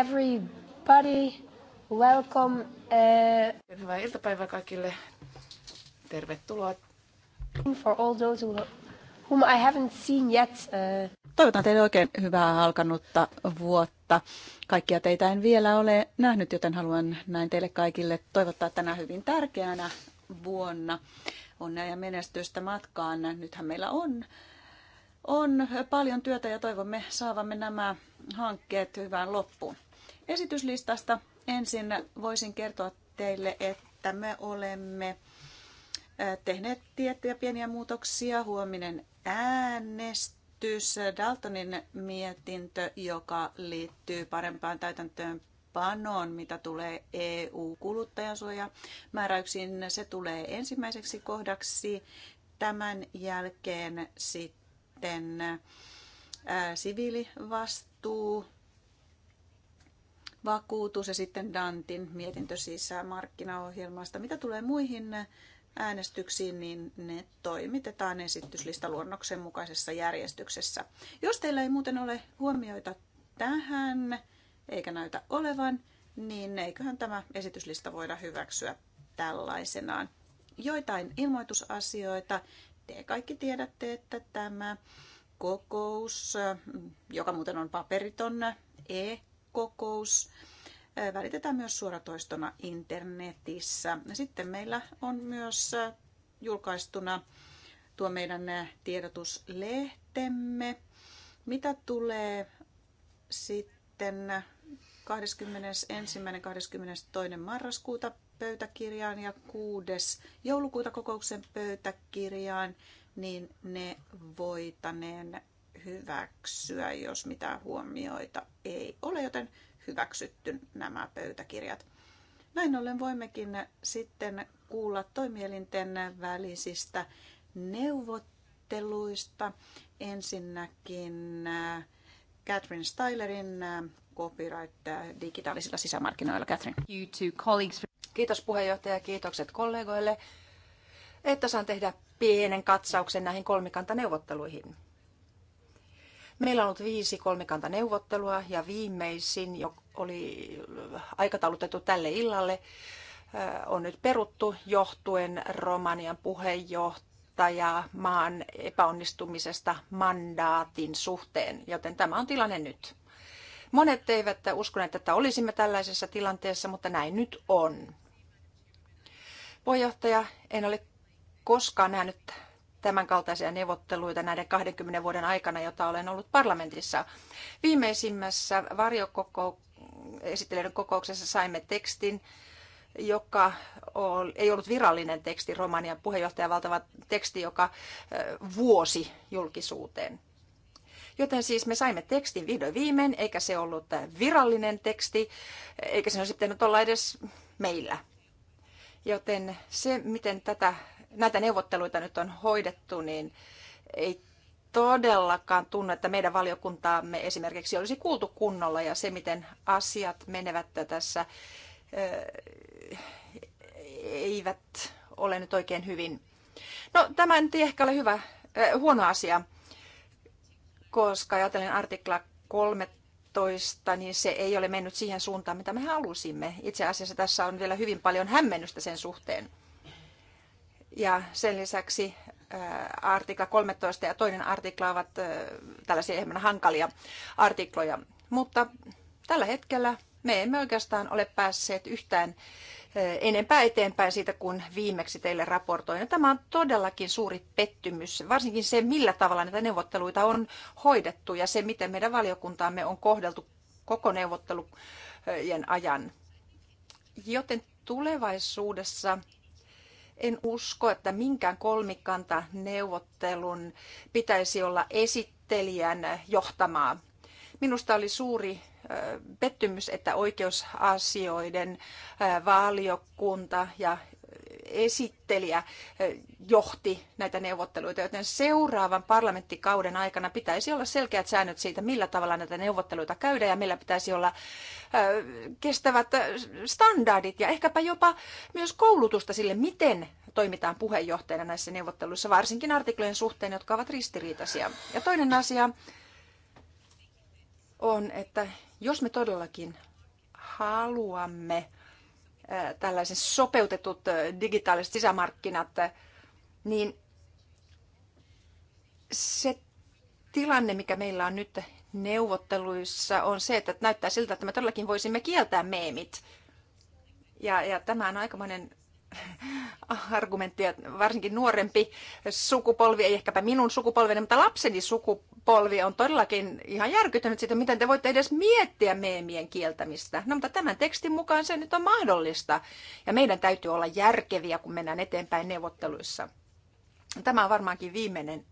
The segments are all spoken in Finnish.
everybody. Welcome. Uh... Hyvää iltapäivää kaikille. Tervetuloa. For all those who whom I haven't seen yet. Uh... Toivotan teille oikein hyvää alkanutta vuotta. Kaikkia teitä en vielä ole nähnyt, joten haluan näin teille kaikille toivottaa tänä hyvin tärkeänä vuonna onnea ja menestystä matkaan. Nythän meillä on, on paljon työtä ja toivomme saavamme nämä hankkeet hyvään loppuun esityslistasta. Ensin voisin kertoa teille, että me olemme tehneet tiettyjä pieniä muutoksia. Huominen äänestys, Daltonin mietintö, joka liittyy parempaan täytäntöön panoon, mitä tulee EU-kuluttajansuojamääräyksiin. Se tulee ensimmäiseksi kohdaksi. Tämän jälkeen sitten siviilivastuu vakuutus ja sitten Dantin mietintö siis markkinaohjelmasta. Mitä tulee muihin äänestyksiin, niin ne toimitetaan esityslistaluonnoksen mukaisessa järjestyksessä. Jos teillä ei muuten ole huomioita tähän, eikä näytä olevan, niin eiköhän tämä esityslista voida hyväksyä tällaisenaan. Joitain ilmoitusasioita. Te kaikki tiedätte, että tämä kokous, joka muuten on paperiton, e kokous välitetään myös suoratoistona internetissä. Sitten meillä on myös julkaistuna tuo meidän tiedotuslehtemme. Mitä tulee sitten 21.–22. marraskuuta pöytäkirjaan ja 6. joulukuuta kokouksen pöytäkirjaan, niin ne voitaneen hyväksyä, jos mitään huomioita ei ole, joten hyväksytty nämä pöytäkirjat. Näin ollen voimmekin sitten kuulla toimielinten välisistä neuvotteluista. Ensinnäkin äh, Catherine Stylerin äh, copyright äh, digitaalisilla sisämarkkinoilla. Catherine. You two colleagues. Kiitos puheenjohtaja ja kiitokset kollegoille, että saan tehdä pienen katsauksen näihin kolmikantaneuvotteluihin. Meillä on ollut viisi kolmikantaneuvottelua ja viimeisin, joka oli aikataulutettu tälle illalle, on nyt peruttu johtuen Romanian puheenjohtaja maan epäonnistumisesta mandaatin suhteen, joten tämä on tilanne nyt. Monet eivät uskoneet, että olisimme tällaisessa tilanteessa, mutta näin nyt on. Puheenjohtaja, en ole koskaan nähnyt tämänkaltaisia neuvotteluita näiden 20 vuoden aikana, jota olen ollut parlamentissa. Viimeisimmässä varjokokouksessa kokouksessa saimme tekstin, joka ei ollut virallinen teksti, Romanian valtava teksti, joka vuosi julkisuuteen. Joten siis me saimme tekstin vihdoin viimein, eikä se ollut virallinen teksti, eikä se olisi pitänyt olla edes meillä. Joten se, miten tätä näitä neuvotteluita nyt on hoidettu, niin ei todellakaan tunnu, että meidän valiokuntaamme esimerkiksi olisi kuultu kunnolla ja se, miten asiat menevät tässä, eh, eivät ole nyt oikein hyvin. No tämä nyt ei ehkä ole hyvä, äh, huono asia, koska ajatellen artikla 13, niin se ei ole mennyt siihen suuntaan, mitä me halusimme. Itse asiassa tässä on vielä hyvin paljon hämmennystä sen suhteen. Ja sen lisäksi artikla 13 ja toinen artikla ovat tällaisia enemmän hankalia artikloja. Mutta tällä hetkellä me emme oikeastaan ole päässeet yhtään enempää eteenpäin siitä, kun viimeksi teille raportoin. Ja tämä on todellakin suuri pettymys, varsinkin se, millä tavalla näitä neuvotteluita on hoidettu ja se, miten meidän valiokuntaamme on kohdeltu koko neuvottelujen ajan. Joten tulevaisuudessa en usko, että minkään kolmikanta neuvottelun pitäisi olla esittelijän johtamaa. Minusta oli suuri pettymys, että oikeusasioiden vaaliokunta ja esittelijä johti näitä neuvotteluita, joten seuraavan parlamenttikauden aikana pitäisi olla selkeät säännöt siitä, millä tavalla näitä neuvotteluita käydään ja meillä pitäisi olla kestävät standardit ja ehkäpä jopa myös koulutusta sille, miten toimitaan puheenjohtajana näissä neuvotteluissa, varsinkin artiklojen suhteen, jotka ovat ristiriitaisia. Ja toinen asia on, että jos me todellakin haluamme tällaiset sopeutetut digitaaliset sisämarkkinat, niin se tilanne, mikä meillä on nyt neuvotteluissa, on se, että näyttää siltä, että me todellakin voisimme kieltää meemit. Ja, ja tämä on aikamoinen argumenttia, varsinkin nuorempi sukupolvi, ei ehkäpä minun sukupolveni, mutta lapseni sukupolvi on todellakin ihan järkytynyt siitä, miten te voitte edes miettiä meemien kieltämistä. No mutta tämän tekstin mukaan se nyt on mahdollista ja meidän täytyy olla järkeviä, kun mennään eteenpäin neuvotteluissa. Tämä on varmaankin viimeinen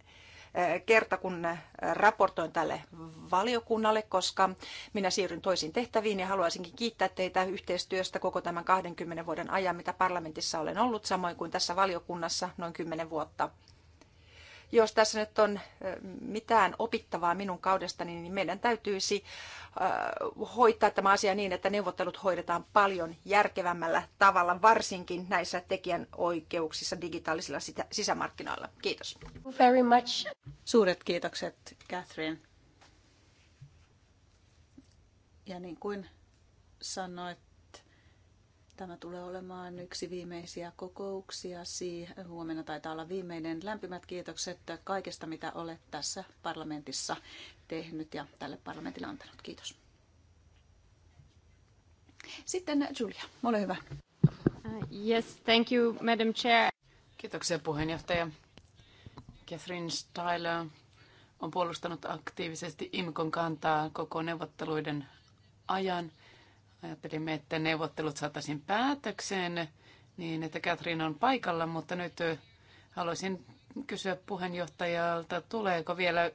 kerta, kun raportoin tälle valiokunnalle, koska minä siirryn toisiin tehtäviin ja haluaisinkin kiittää teitä yhteistyöstä koko tämän 20 vuoden ajan, mitä parlamentissa olen ollut, samoin kuin tässä valiokunnassa noin 10 vuotta jos tässä nyt on mitään opittavaa minun kaudestani, niin meidän täytyisi hoitaa tämä asia niin, että neuvottelut hoidetaan paljon järkevämmällä tavalla, varsinkin näissä tekijänoikeuksissa digitaalisilla sisämarkkinoilla. Kiitos. Very much. Suuret kiitokset, Catherine. Ja niin kuin sanoit, Tämä tulee olemaan yksi viimeisiä kokouksia. Huomenna taitaa olla viimeinen. Lämpimät kiitokset kaikesta, mitä olet tässä parlamentissa tehnyt ja tälle parlamentille antanut. Kiitos. Sitten Julia, ole hyvä. Uh, yes, thank you, Madam Chair. Kiitoksia puheenjohtaja. Catherine Styler on puolustanut aktiivisesti IMKon kantaa koko neuvotteluiden ajan – Ajattelimme, että neuvottelut saataisiin päätökseen niin, että Katrin on paikalla, mutta nyt haluaisin kysyä puheenjohtajalta, tuleeko vielä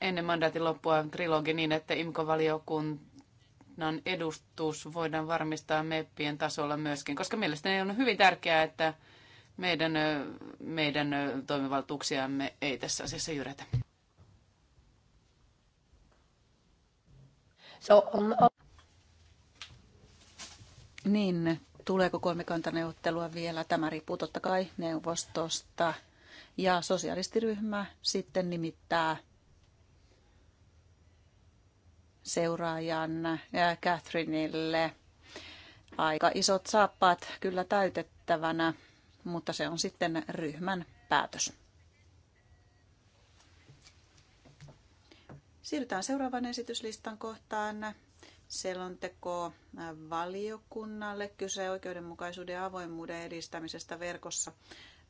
ennen mandaatin loppua trilogi niin, että IMKO-valiokunnan edustus voidaan varmistaa meppien tasolla myöskin, koska mielestäni on hyvin tärkeää, että meidän, meidän toimivaltuuksiamme ei tässä asiassa jyrätä. So on, um, um, niin, tuleeko kolmikantaneuvottelua vielä? Tämä riippuu totta kai neuvostosta. Ja sosialistiryhmä sitten nimittää seuraajan Catherineille aika isot saappaat kyllä täytettävänä, mutta se on sitten ryhmän päätös. Siirrytään seuraavan esityslistan kohtaan selonteko valiokunnalle. Kyse oikeudenmukaisuuden ja avoimuuden edistämisestä verkossa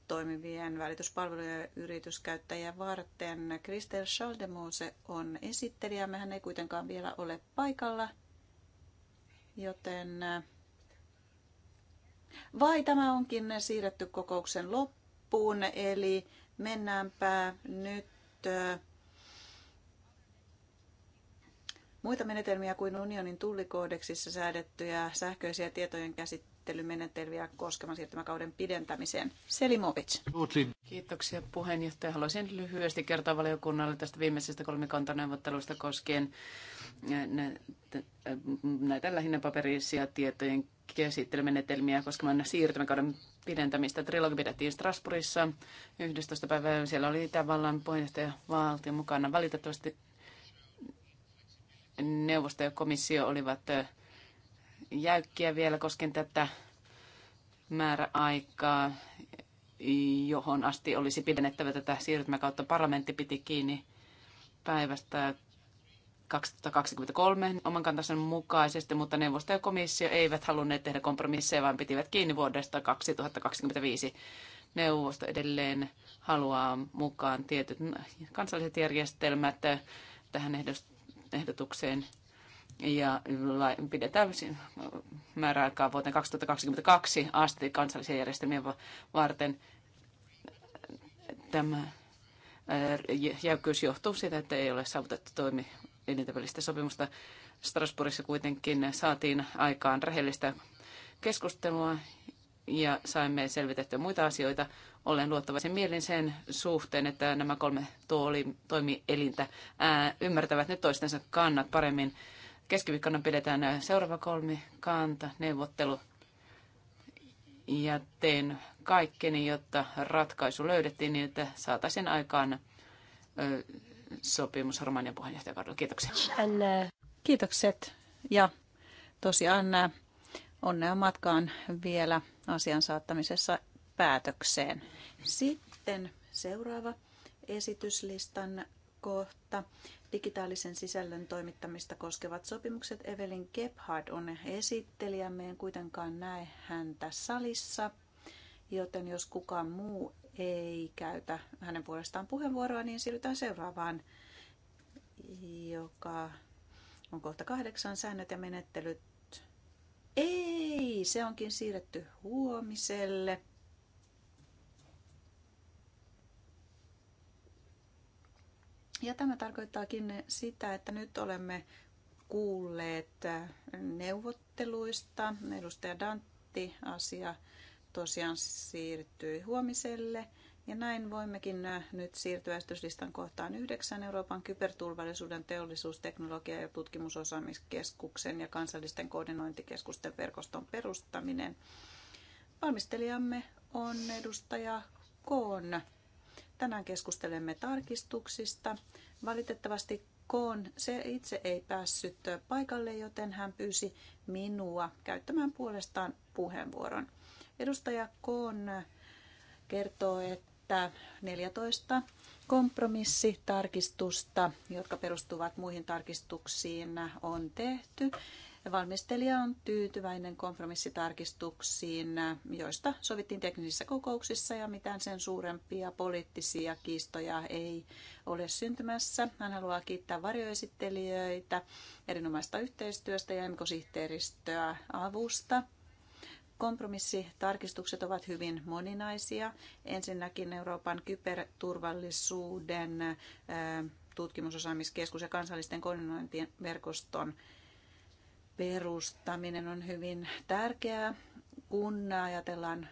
toimivien välityspalvelujen yrityskäyttäjien varten. Kristel Schaldemose on esittelijä. Mehän ei kuitenkaan vielä ole paikalla, joten... Vai tämä onkin siirretty kokouksen loppuun, eli mennäänpä nyt Muita menetelmiä kuin unionin tullikoodeksissa säädettyjä sähköisiä tietojen käsittelymenetelmiä koskevan siirtymäkauden pidentämiseen. Selimovic. Kiitoksia puheenjohtaja. Haluaisin lyhyesti kertoa valiokunnalle tästä viimeisestä kolmikantaneuvottelusta koskien eh, eh, näitä lähinnä paperisia tietojen käsittelymenetelmiä koskevan siirtymäkauden pidentämistä. Trilogi pidettiin Strasbourgissa 11. päivää. Siellä oli Itävallan puheenjohtaja Valtio mukana. Valitettavasti neuvosto ja komissio olivat jäykkiä vielä koskien tätä määräaikaa, johon asti olisi pidennettävä tätä siirtymäkautta. Parlamentti piti kiinni päivästä 2023 oman kantansa mukaisesti, mutta neuvosto ja komissio eivät halunneet tehdä kompromisseja, vaan pitivät kiinni vuodesta 2025. Neuvosto edelleen haluaa mukaan tietyt kansalliset järjestelmät tähän ehdotukseen ja pidetään määräaikaa vuoteen 2022 asti kansallisia järjestelmiä varten. Tämä äh, jäykkyys johtuu siitä, että ei ole saavutettu toimi elintävälistä sopimusta. Strasbourgissa kuitenkin saatiin aikaan rehellistä keskustelua ja saimme selvitettyä muita asioita. Olen luottavaisen mielin sen suhteen, että nämä kolme tuoli toimielintä ää, ymmärtävät nyt toistensa kannat paremmin. Keskiviikkona pidetään seuraava kolmi kanta, neuvottelu ja teen kaikkeni, jotta ratkaisu löydettiin niin, että saataisiin aikaan ö, sopimus Romanian puheenjohtajakaudella. Kiitoksia. Kiitokset ja tosiaan onnea matkaan vielä asian saattamisessa päätökseen. Sitten seuraava esityslistan kohta. Digitaalisen sisällön toimittamista koskevat sopimukset. Evelin Kephard on esittelijämme, en kuitenkaan näe häntä salissa, joten jos kukaan muu ei käytä hänen puolestaan puheenvuoroa, niin siirrytään seuraavaan, joka on kohta kahdeksan säännöt ja menettelyt ei, se onkin siirretty huomiselle. Ja tämä tarkoittaakin sitä, että nyt olemme kuulleet neuvotteluista. Edustaja Dantti asia tosiaan siirtyi huomiselle. Ja näin voimmekin äh, nyt siirtyä kohtaan yhdeksän Euroopan kyberturvallisuuden teollisuusteknologia- ja tutkimusosaamiskeskuksen ja kansallisten koordinointikeskusten verkoston perustaminen. Valmistelijamme on edustaja Koon. Tänään keskustelemme tarkistuksista. Valitettavasti Koon se itse ei päässyt paikalle, joten hän pyysi minua käyttämään puolestaan puheenvuoron. Edustaja Koon kertoo, että että 14 kompromissitarkistusta, jotka perustuvat muihin tarkistuksiin, on tehty. Valmistelija on tyytyväinen kompromissitarkistuksiin, joista sovittiin teknisissä kokouksissa ja mitään sen suurempia poliittisia kiistoja ei ole syntymässä. Hän haluaa kiittää varjoesittelijöitä erinomaista yhteistyöstä ja emkosihteeristöä avusta. Kompromissitarkistukset ovat hyvin moninaisia. Ensinnäkin Euroopan kyberturvallisuuden tutkimusosaamiskeskus ja kansallisten koordinointiverkoston perustaminen on hyvin tärkeää, kun ajatellaan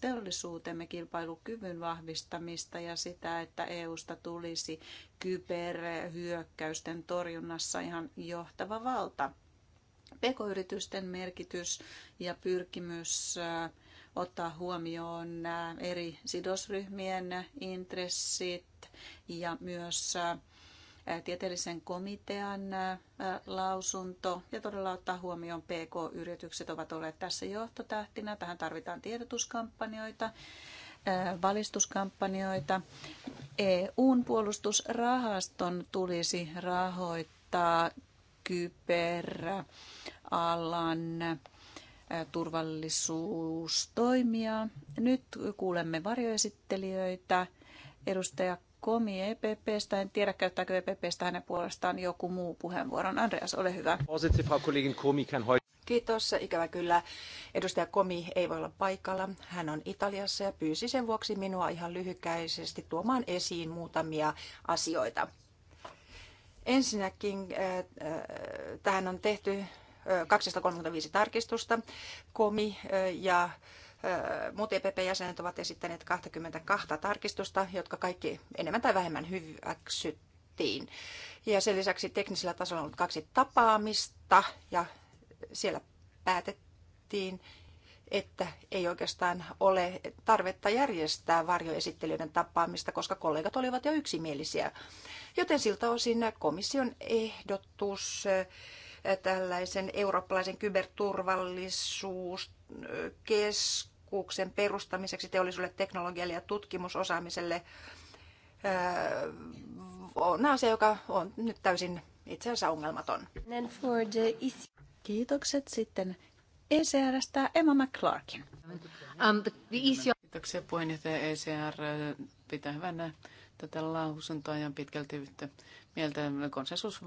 teollisuutemme kilpailukyvyn vahvistamista ja sitä, että EUsta tulisi kyberhyökkäysten torjunnassa ihan johtava valta pk-yritysten merkitys ja pyrkimys ottaa huomioon eri sidosryhmien intressit ja myös tieteellisen komitean lausunto ja todella ottaa huomioon PK-yritykset ovat olleet tässä johtotähtinä. Tähän tarvitaan tiedotuskampanjoita, valistuskampanjoita. EUn puolustusrahaston tulisi rahoittaa kyberalan turvallisuustoimia. Nyt kuulemme varjoesittelijöitä. Edustaja Komi EPPstä. En tiedä, käyttääkö EPPstä hänen puolestaan joku muu puheenvuoron. Andreas, ole hyvä. Kiitos. Ikävä kyllä. Edustaja Komi ei voi olla paikalla. Hän on Italiassa ja pyysi sen vuoksi minua ihan lyhykäisesti tuomaan esiin muutamia asioita. Ensinnäkin äh, äh, tähän on tehty 235 äh, tarkistusta. Komi ja muut EPP-jäsenet ovat esittäneet 22 tarkistusta, jotka kaikki enemmän tai vähemmän hyväksyttiin. Ja sen lisäksi teknisellä tasolla on ollut kaksi tapaamista ja siellä päätettiin, että ei oikeastaan ole tarvetta järjestää varjoesittelijöiden tapaamista, koska kollegat olivat jo yksimielisiä Joten siltä osin komission ehdotus tällaisen eurooppalaisen kyberturvallisuuskeskuksen perustamiseksi teollisuudelle, teknologialle ja tutkimusosaamiselle on asia, joka on nyt täysin itse asiassa ongelmaton. E Kiitokset sitten ECRstä Emma McClarkin. Um, e Kiitoksia puheenjohtaja ECR pitää hyvänä tätä lausuntoa ja pitkälti yhtä mieltä. Konsensus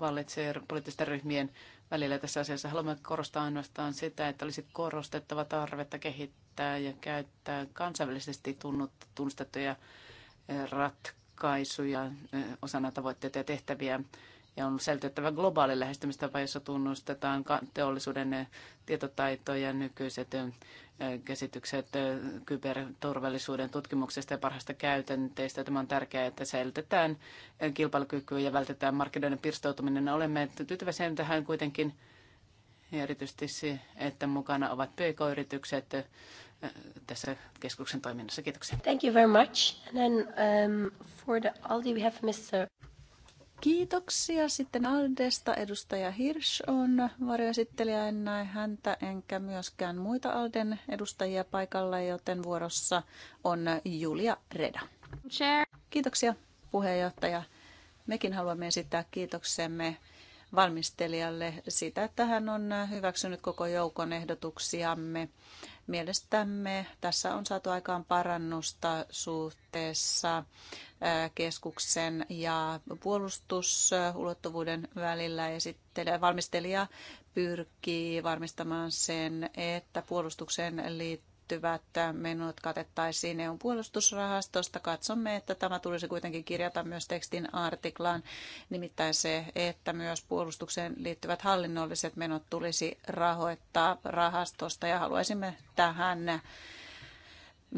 vallitsee poliittisten ryhmien välillä tässä asiassa. Haluamme korostaa ainoastaan sitä, että olisi korostettava tarvetta kehittää ja käyttää kansainvälisesti tunnustettuja eh, ratkaisuja eh, osana tavoitteita ja tehtäviä ja on säilytettävä globaali lähestymistapa, jossa tunnustetaan teollisuuden eh, tietotaitoja ja nykyiset eh, käsitykset eh, kyberturvallisuuden tutkimuksesta ja parhaista käytänteistä. Tämä on tärkeää, että säilytetään kilpailukykyä ja vältetään markkinoiden pirstoutuminen. Olemme tyytyväisiä tähän kuitenkin erityisesti se, että mukana ovat PK-yritykset tässä keskuksen toiminnassa. Kiitoksia. Thank you very much. And then um, for the Aldi we have Mr. Kiitoksia. Sitten Aldesta edustaja Hirsch on varjoesittelijä. En näe häntä enkä myöskään muita Alden edustajia paikalla, joten vuorossa on Julia Reda. Kiitoksia puheenjohtaja. Mekin haluamme esittää kiitoksemme valmistelijalle sitä, että hän on hyväksynyt koko joukon ehdotuksiamme. Mielestämme tässä on saatu aikaan parannusta suhteessa keskuksen ja puolustusulottuvuuden välillä ja sitten valmistelija pyrkii varmistamaan sen, että puolustukseen liittyy liittyvät menot katettaisiin EUn puolustusrahastosta. Katsomme, että tämä tulisi kuitenkin kirjata myös tekstin artiklaan, nimittäin se, että myös puolustukseen liittyvät hallinnolliset menot tulisi rahoittaa rahastosta ja haluaisimme tähän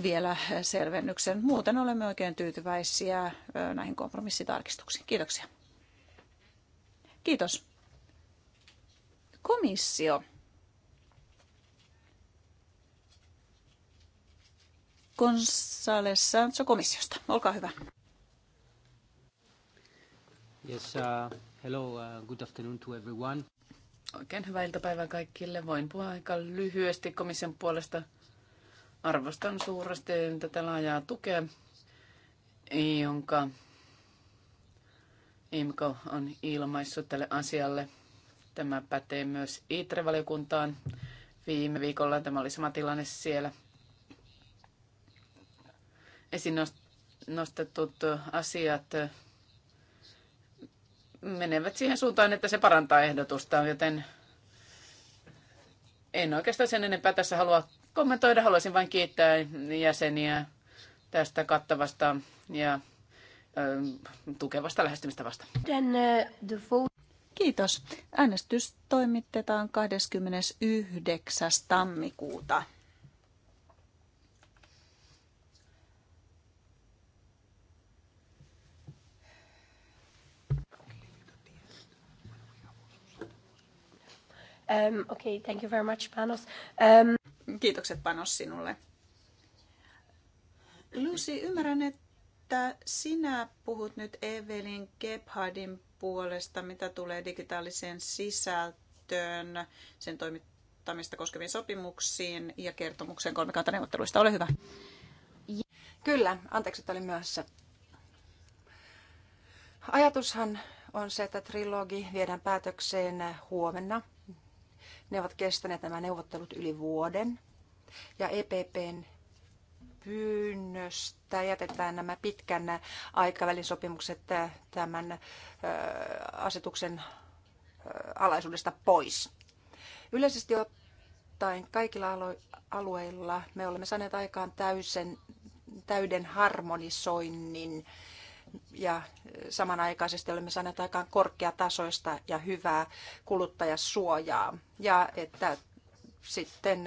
vielä selvennyksen. Muuten olemme oikein tyytyväisiä näihin kompromissitarkistuksiin. Kiitoksia. Kiitos. Komissio. Gonzales Sancho komissiosta. Olkaa hyvä. Yes, uh, hello, uh, good afternoon to everyone. Oikein hyvää iltapäivää kaikille. Voin puhua aika lyhyesti komission puolesta. Arvostan suuresti tätä laajaa tukea, jonka IMCO on ilmaissut tälle asialle. Tämä pätee myös ITRE-valiokuntaan. Viime viikolla tämä oli sama tilanne siellä – esiin nostetut asiat menevät siihen suuntaan, että se parantaa ehdotusta, joten en oikeastaan sen enempää tässä halua kommentoida. Haluaisin vain kiittää jäseniä tästä kattavasta ja tukevasta lähestymistä vasta. Uh, Kiitos. Äänestys toimitetaan 29. tammikuuta. Um, okay, thank you very much, Panos. Um... Kiitokset Panos sinulle. Lucy, ymmärrän, että sinä puhut nyt Evelin Gebhardin puolesta, mitä tulee digitaaliseen sisältöön, sen toimittamista koskeviin sopimuksiin ja kertomukseen kolmikantaneuvotteluista. Ole hyvä. Kyllä, anteeksi, että olin myöhässä. Ajatushan on se, että trilogi viedään päätökseen huomenna – ne ovat kestäneet nämä neuvottelut yli vuoden. Ja EPPn pyynnöstä jätetään nämä pitkän aikavälin sopimukset äh, tämän äh, asetuksen äh, alaisuudesta pois. Yleisesti ottaen kaikilla alueilla me olemme saaneet aikaan täysen, täyden harmonisoinnin ja samanaikaisesti olemme saaneet aikaan korkeatasoista ja hyvää kuluttajasuojaa ja että sitten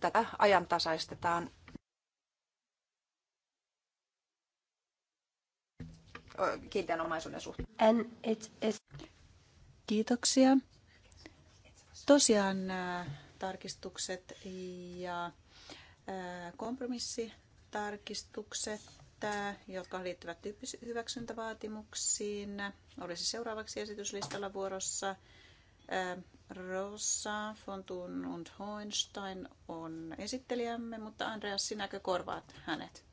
tätä ajantasaistetaan kiinteän omaisuuden suhteen. Kiitoksia. Tosiaan tarkistukset ja kompromissitarkistukset jotka liittyvät tyyppishyväksyntävaatimuksiin, olisi seuraavaksi esityslistalla vuorossa. Äh, Rosa Fontun und Hoinstein on esittelijämme, mutta Andreas, sinäkö korvaat hänet?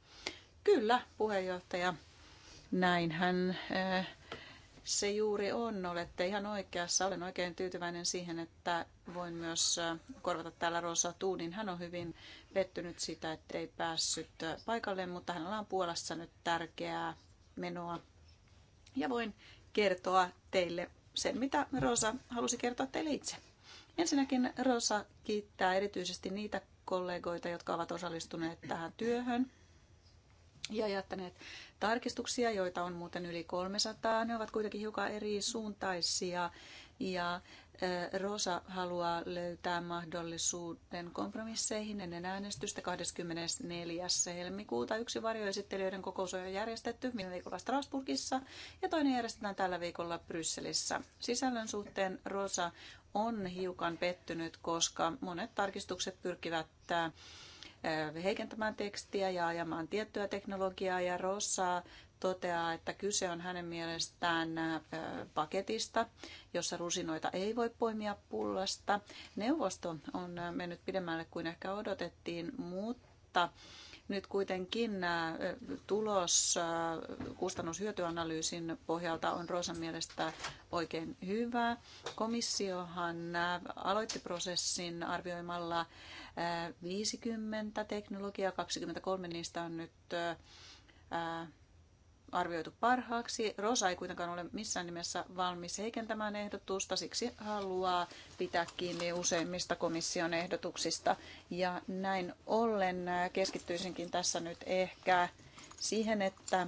Kyllä, puheenjohtaja. Näinhän äh, se juuri on. Olette ihan oikeassa. Olen oikein tyytyväinen siihen, että voin myös korvata täällä Rosa Tuunin. Hän on hyvin pettynyt sitä, ettei päässyt paikalle, mutta hänellä on Puolassa nyt tärkeää menoa. Ja voin kertoa teille sen, mitä Rosa halusi kertoa teille itse. Ensinnäkin Rosa kiittää erityisesti niitä kollegoita, jotka ovat osallistuneet tähän työhön ja jättäneet tarkistuksia, joita on muuten yli 300. Ne ovat kuitenkin hiukan eri suuntaisia ja Rosa haluaa löytää mahdollisuuden kompromisseihin ennen äänestystä 24. helmikuuta. Yksi varjoesittelijöiden kokous on jo järjestetty viime viikolla Strasbourgissa ja toinen järjestetään tällä viikolla Brysselissä. Sisällön suhteen Rosa on hiukan pettynyt, koska monet tarkistukset pyrkivät heikentämään tekstiä ja ajamaan tiettyä teknologiaa ja Rosa toteaa, että kyse on hänen mielestään paketista, jossa rusinoita ei voi poimia pullasta. Neuvosto on mennyt pidemmälle kuin ehkä odotettiin, mutta nyt kuitenkin tulos kustannushyötyanalyysin pohjalta on Roosan mielestä oikein hyvä. Komissiohan aloitti prosessin arvioimalla 50 teknologiaa, 23 niistä on nyt arvioitu parhaaksi. Rosa ei kuitenkaan ole missään nimessä valmis heikentämään ehdotusta, siksi haluaa pitää kiinni useimmista komission ehdotuksista. Ja näin ollen äh, keskittyisinkin tässä nyt ehkä siihen, että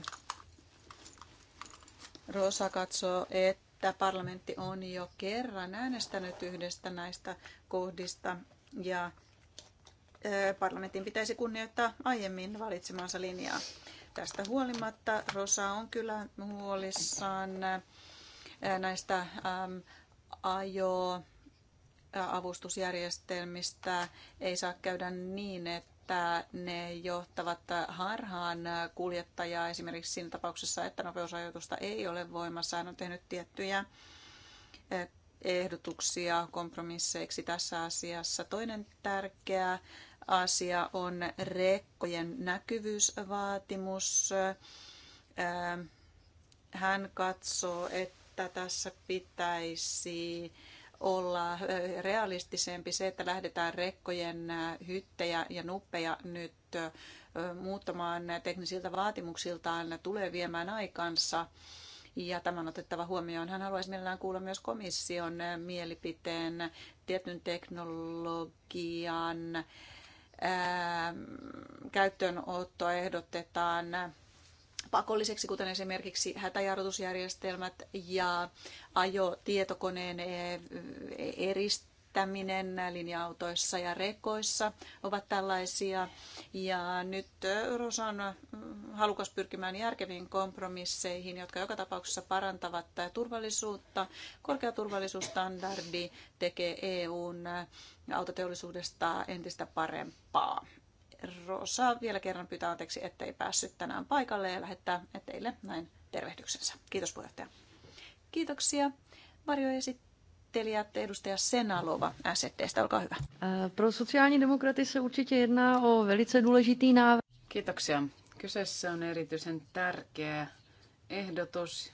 Rosa katsoo, että parlamentti on jo kerran äänestänyt yhdestä näistä kohdista ja äh, parlamentin pitäisi kunnioittaa aiemmin valitsemansa linjaa. Tästä huolimatta Rosa on kyllä huolissaan näistä ajo avustusjärjestelmistä ei saa käydä niin, että ne johtavat harhaan kuljettajaa esimerkiksi siinä tapauksessa, että nopeusajoitusta ei ole voimassa. Hän on tehnyt tiettyjä ehdotuksia kompromisseiksi tässä asiassa. Toinen tärkeä asia on rekkojen näkyvyysvaatimus. Hän katsoo, että tässä pitäisi olla realistisempi se, että lähdetään rekkojen hyttejä ja nuppeja nyt muuttamaan teknisiltä vaatimuksiltaan tulee viemään aikansa. Ja tämän otettava huomioon. Hän haluaisi mielellään kuulla myös komission mielipiteen tietyn teknologian Ähm, käyttöönotto ehdotetaan pakolliseksi, kuten esimerkiksi hätäjarrutusjärjestelmät ja ajotietokoneen e- erist käyttäminen linja-autoissa ja rekoissa ovat tällaisia. Ja nyt Rosa on halukas pyrkimään järkeviin kompromisseihin, jotka joka tapauksessa parantavat turvallisuutta. Korkea turvallisuusstandardi tekee EUn autoteollisuudesta entistä parempaa. Rosa vielä kerran pyytää anteeksi, ettei päässyt tänään paikalle ja lähettää teille näin tervehdyksensä. Kiitos puheenjohtaja. Kiitoksia. Varjo esittää esittelijät, edustaja Senalova SDstä, olkaa hyvä. Äh, pro sosiaalidemokraatissa určitě jedná o velice důležitý návrh. Kiitoksia. Kyseessä on erityisen tärkeä ehdotus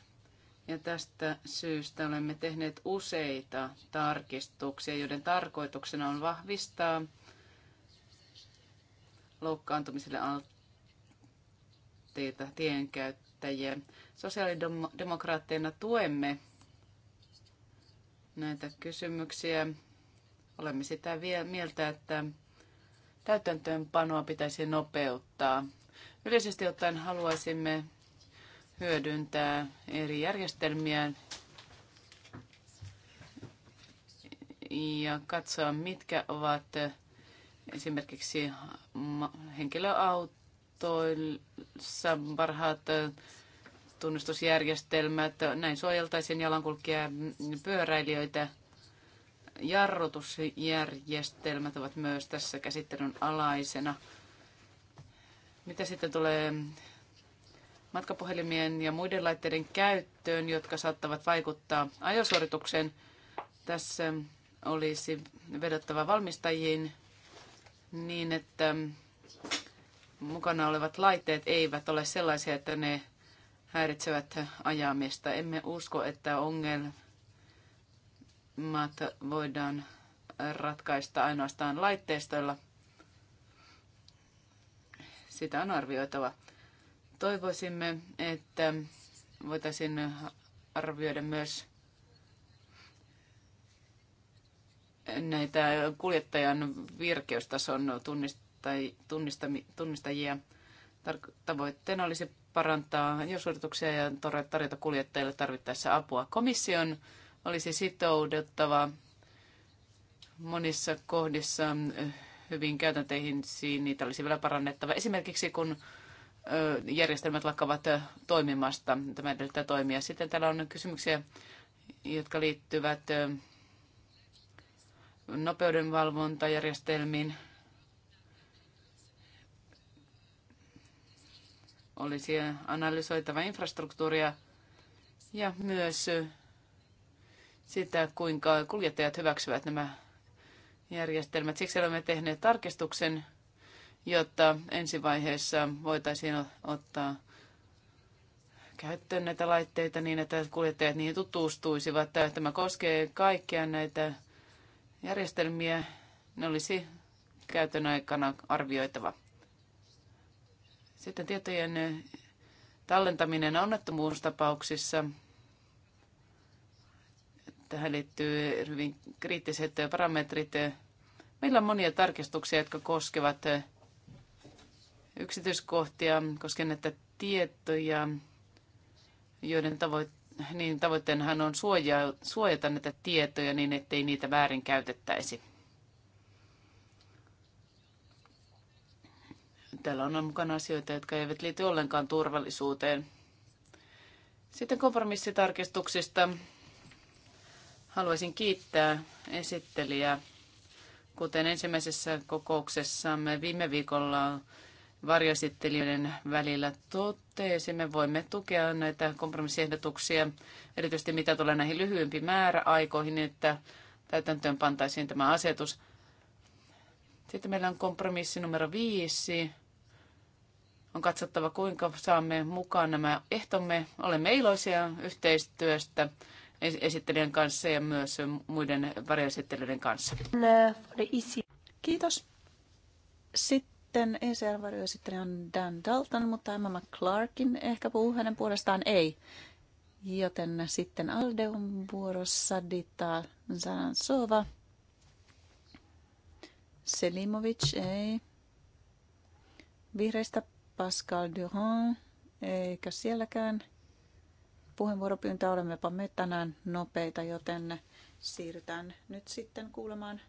ja tästä syystä olemme tehneet useita tarkistuksia, joiden tarkoituksena on vahvistaa loukkaantumiselle alttiita tienkäyttäjiä. Sosiaalidemokraatteina tuemme näitä kysymyksiä. Olemme sitä mieltä, että täytäntöönpanoa pitäisi nopeuttaa. Yleisesti ottaen haluaisimme hyödyntää eri järjestelmiä ja katsoa, mitkä ovat esimerkiksi henkilöautoissa parhaat että Näin suojeltaisiin jalankulkijaa pyöräilijöitä. Jarrutusjärjestelmät ovat myös tässä käsittelyn alaisena. Mitä sitten tulee matkapuhelimien ja muiden laitteiden käyttöön, jotka saattavat vaikuttaa ajosuoritukseen? Tässä olisi vedottava valmistajiin niin, että mukana olevat laitteet eivät ole sellaisia, että ne häiritsevät ajamista. Emme usko, että ongelmat voidaan ratkaista ainoastaan laitteistoilla. Sitä on arvioitava. Toivoisimme, että voitaisiin arvioida myös näitä kuljettajan virkeystason tunnistajia. Tavoitteena olisi parantaa ajosuorituksia ja tarjota kuljettajille tarvittaessa apua. Komission olisi sitouduttava monissa kohdissa eh, hyvin käytänteisiin, niitä olisi vielä parannettava. Esimerkiksi kun eh, järjestelmät lakkavat eh, toimimasta, tämä edellyttää toimia. Sitten täällä on kysymyksiä, jotka liittyvät nopeudenvalvontajärjestelmiin. olisi analysoitava infrastruktuuria ja myös sitä, kuinka kuljettajat hyväksyvät nämä järjestelmät. Siksi olemme tehneet tarkistuksen, jotta ensi vaiheessa voitaisiin ottaa käyttöön näitä laitteita niin, että kuljettajat niihin tutustuisivat. Tämä koskee kaikkia näitä järjestelmiä. Ne olisi käytön aikana arvioitava. Sitten tietojen eh, tallentaminen onnettomuustapauksissa. Tähän liittyy hyvin kriittiset eh, parametrit. Meillä on monia tarkistuksia, jotka koskevat eh, yksityiskohtia, koskien näitä tietoja, joiden tavoitteena niin tavoitteenhan on suojata näitä tietoja niin, ettei niitä väärin käytettäisi. Täällä on mukana asioita, jotka eivät liity ollenkaan turvallisuuteen. Sitten kompromissitarkistuksista. Haluaisin kiittää esittelijää. Kuten ensimmäisessä kokouksessamme viime viikolla varjoesittelijöiden välillä totesimme, voimme tukea näitä kompromissiehdotuksia, erityisesti mitä tulee näihin lyhyempiin määräaikoihin, että täytäntöön pantaisiin tämä asetus. Sitten meillä on kompromissi numero viisi, on katsottava, kuinka saamme mukaan nämä ehtomme. Olemme iloisia yhteistyöstä esittelijän kanssa ja myös muiden varjoesittelijöiden kanssa. Kiitos. Sitten ECR-varjoesittelijä on Dan Dalton, mutta Emma McClarkin ehkä puhuu hänen puolestaan ei. Joten sitten Alde vuorossa, Dita Zansova. Selimovic ei. Vihreistä Pascal Durand, eikä sielläkään puheenvuoropyyntöä. Olemmepa me tänään nopeita, joten siirrytään nyt sitten kuulemaan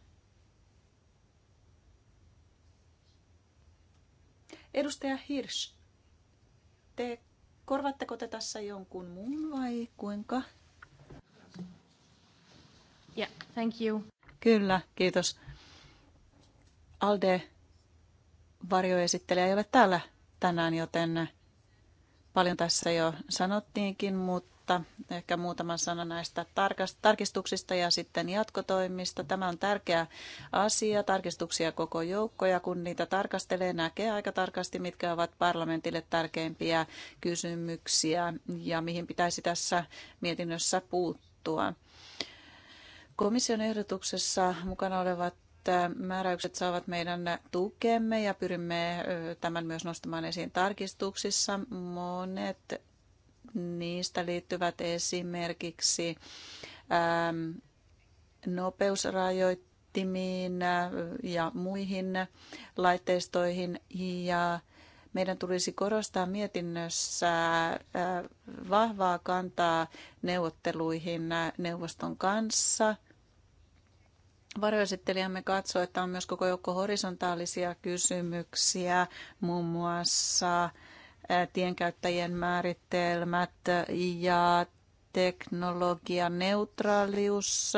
Edustaja Hirsch, te korvatteko te tässä jonkun muun vai kuinka? Yeah, thank you. Kyllä, kiitos. Alde varjoesittelijä ei ole täällä tänään, joten paljon tässä jo sanottiinkin, mutta ehkä muutama sana näistä tarkistuksista ja sitten jatkotoimista. Tämä on tärkeä asia, tarkistuksia koko joukkoja, kun niitä tarkastelee, näkee aika tarkasti, mitkä ovat parlamentille tärkeimpiä kysymyksiä ja mihin pitäisi tässä mietinnössä puuttua. Komission ehdotuksessa mukana olevat määräykset saavat meidän tukemme ja pyrimme tämän myös nostamaan esiin tarkistuksissa. Monet niistä liittyvät esimerkiksi nopeusrajoittimiin ja muihin laitteistoihin ja meidän tulisi korostaa mietinnössä vahvaa kantaa neuvotteluihin neuvoston kanssa – varjoesittelijämme katsoo, että on myös koko joukko horisontaalisia kysymyksiä, muun muassa tienkäyttäjien määritelmät ja teknologianeutraalius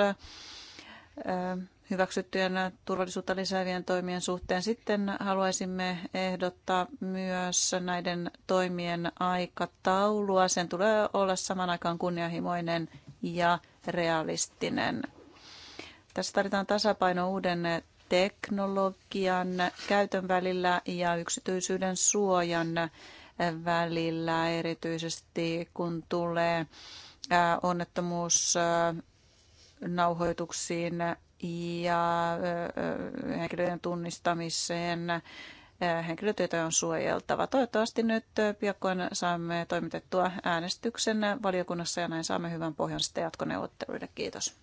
hyväksyttyjen turvallisuutta lisäävien toimien suhteen. Sitten haluaisimme ehdottaa myös näiden toimien aikataulua. Sen tulee olla saman aikaan kunnianhimoinen ja realistinen. Tässä tarvitaan tasapaino uuden teknologian käytön välillä ja yksityisyyden suojan välillä, erityisesti kun tulee äh, onnettomuusnauhoituksiin äh, ja äh, henkilöiden tunnistamiseen. Henkilötietoja on suojeltava. Toivottavasti nyt piakkoin saamme toimitettua äänestyksen valiokunnassa ja näin saamme hyvän pohjan sitten jatkoneuvotteluille. Kiitos.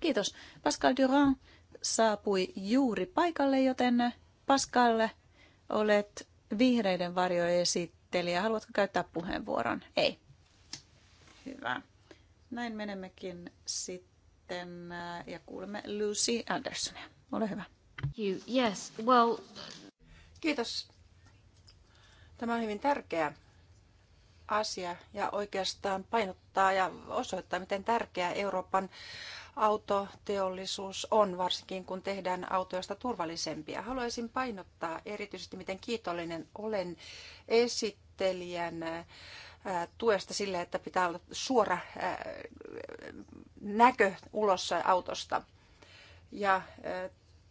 Kiitos. Pascal Durand saapui juuri paikalle, joten Pascal, olet vihreiden varjoesittelijä. Haluatko käyttää puheenvuoron? Ei. Hyvä. Näin menemmekin sitten äh, ja kuulemme Lucy Andersonia. Ole hyvä. You, yes, well... Kiitos. Tämä on hyvin tärkeä asia ja oikeastaan painottaa ja osoittaa, miten tärkeä Euroopan autoteollisuus on, varsinkin kun tehdään autoista turvallisempia. Haluaisin painottaa erityisesti, miten kiitollinen olen esittelijän äh, tuesta sille, että pitää olla suora äh, näkö ulos autosta. Ja äh,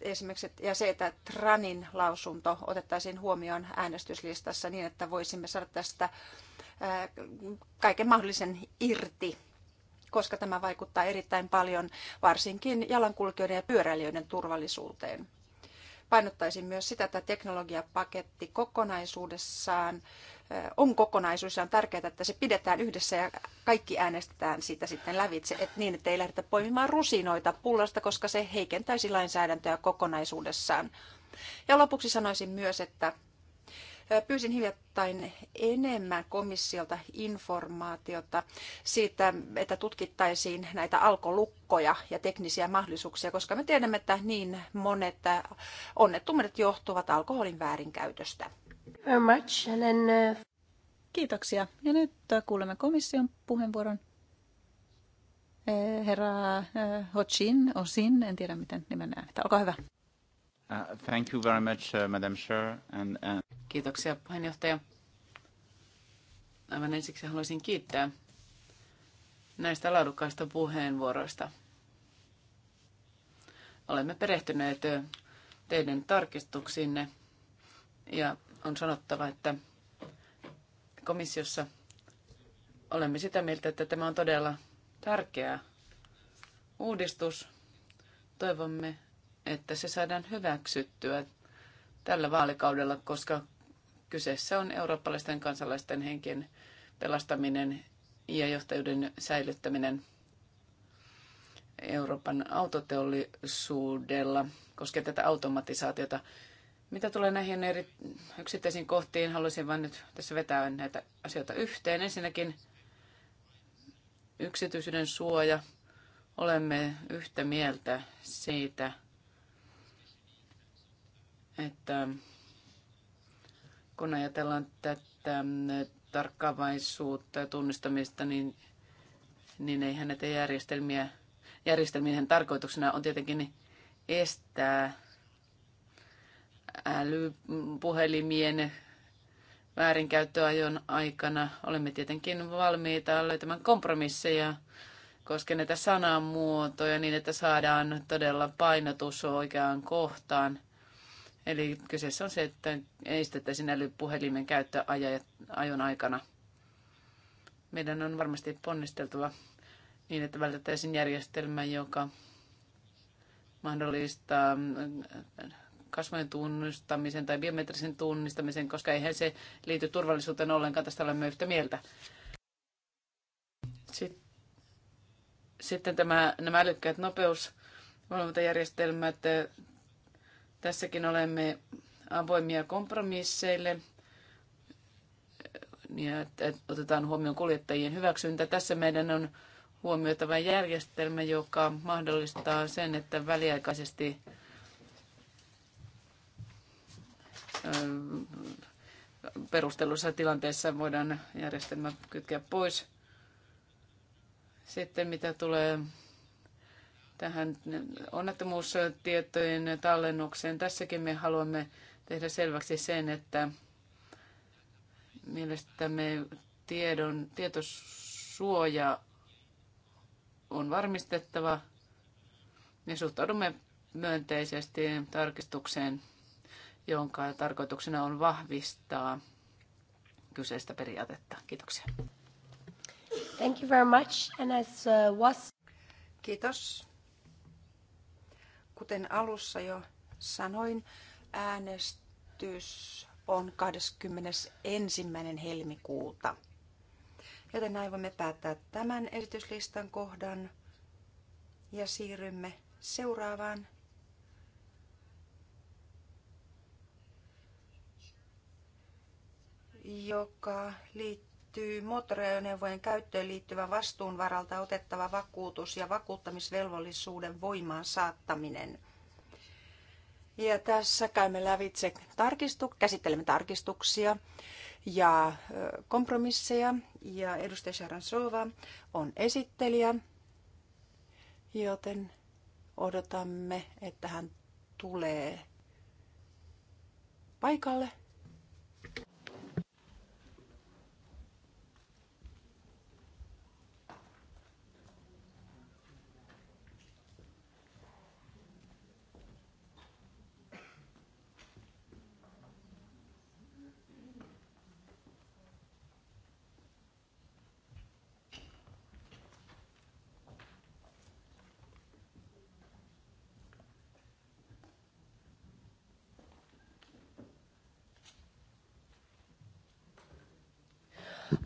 esimerkiksi ja se, että Tranin lausunto otettaisiin huomioon äänestyslistassa niin, että voisimme saada tästä kaiken mahdollisen irti koska tämä vaikuttaa erittäin paljon varsinkin jalankulkijoiden ja pyöräilijöiden turvallisuuteen. Painottaisin myös sitä, että teknologiapaketti kokonaisuudessaan on kokonaisuus ja on tärkeää, että se pidetään yhdessä ja kaikki äänestetään siitä sitten lävitse, että niin, että lähdetä poimimaan rusinoita pullasta, koska se heikentäisi lainsäädäntöä kokonaisuudessaan. Ja lopuksi sanoisin myös, että Pyysin hiljattain enemmän komissiolta informaatiota siitä, että tutkittaisiin näitä alkolukkoja ja teknisiä mahdollisuuksia, koska me tiedämme, että niin monet onnettomuudet johtuvat alkoholin väärinkäytöstä. Uh, Kiitoksia. Ja nyt kuulemme komission puheenvuoron. Eh, herra eh, Hochin, Osin, en tiedä miten nimen äänettä. Olkaa hyvä. Uh, thank you very much, uh, Madam Chair. And, Kiitoksia puheenjohtaja. Aivan ensiksi haluaisin kiittää näistä laadukkaista puheenvuoroista. Olemme perehtyneet teidän tarkistuksiinne ja on sanottava, että komissiossa olemme sitä mieltä, että tämä on todella tärkeä uudistus. Toivomme, että se saadaan hyväksyttyä tällä vaalikaudella, koska kyseessä on eurooppalaisten kansalaisten henkien pelastaminen ja johtajuuden säilyttäminen Euroopan autoteollisuudella koskee tätä automatisaatiota. Mitä tulee näihin eri yksittäisiin kohtiin, haluaisin vain nyt tässä vetää näitä asioita yhteen. Ensinnäkin yksityisyyden suoja. Olemme yhtä mieltä siitä, että kun ajatellaan tätä mm, tarkkaavaisuutta ja tunnistamista, niin, niin eihän näitä järjestelmiä, järjestelmien tarkoituksena on tietenkin estää älypuhelimien väärinkäyttöajon aikana. Olemme tietenkin valmiita löytämään kompromisseja koskien näitä sanamuotoja niin, että saadaan todella painotus oikeaan kohtaan – Eli kyseessä on se, että estettäisiin älypuhelimen käyttö ajon aikana. Meidän on varmasti ponnisteltava niin, että vältettäisiin järjestelmä, joka mahdollistaa kasvojen tunnistamisen tai biometrisen tunnistamisen, koska eihän se liity turvallisuuteen ollenkaan. Tästä olemme yhtä mieltä. Sitten tämä, nämä älykkäät nopeusvalvontajärjestelmät Tässäkin olemme avoimia kompromisseille ja otetaan huomioon kuljettajien hyväksyntä. Tässä meidän on huomioitava järjestelmä, joka mahdollistaa sen, että väliaikaisesti perustelussa tilanteessa voidaan järjestelmä kytkeä pois. Sitten mitä tulee tähän onnettomuustietojen tallennukseen. Tässäkin me haluamme tehdä selväksi sen, että mielestämme tiedon, tietosuoja on varmistettava Me suhtaudumme myönteisesti tarkistukseen, jonka tarkoituksena on vahvistaa kyseistä periaatetta. Kiitoksia. Thank you very much. And as uh, was... Kiitos. Kuten alussa jo sanoin, äänestys on 21. helmikuuta. Joten näin voimme päättää tämän erityislistan kohdan ja siirrymme seuraavaan. joka liittyy liittyy moottoriajoneuvojen käyttöön liittyvä vastuun varalta otettava vakuutus ja vakuuttamisvelvollisuuden voimaan saattaminen. Ja tässä käymme lävitse, tarkistu, käsittelemme tarkistuksia ja kompromisseja. Ja edustaja Sharon Sova on esittelijä, joten odotamme, että hän tulee paikalle.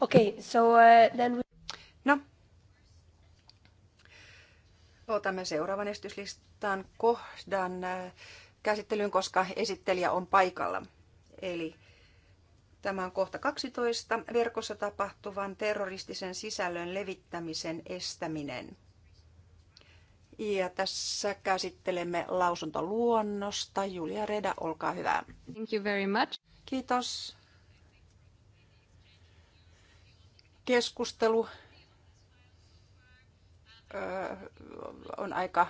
Okay, so uh, then we... No. Otamme seuraavan esityslistan kohdan uh, käsittelyyn, koska esittelijä on paikalla. Eli Tämä on kohta 12. Verkossa tapahtuvan terroristisen sisällön levittämisen estäminen. Ja tässä käsittelemme lausuntoluonnosta. Julia Reda, olkaa hyvä. Thank you very much. Kiitos. keskustelu on aika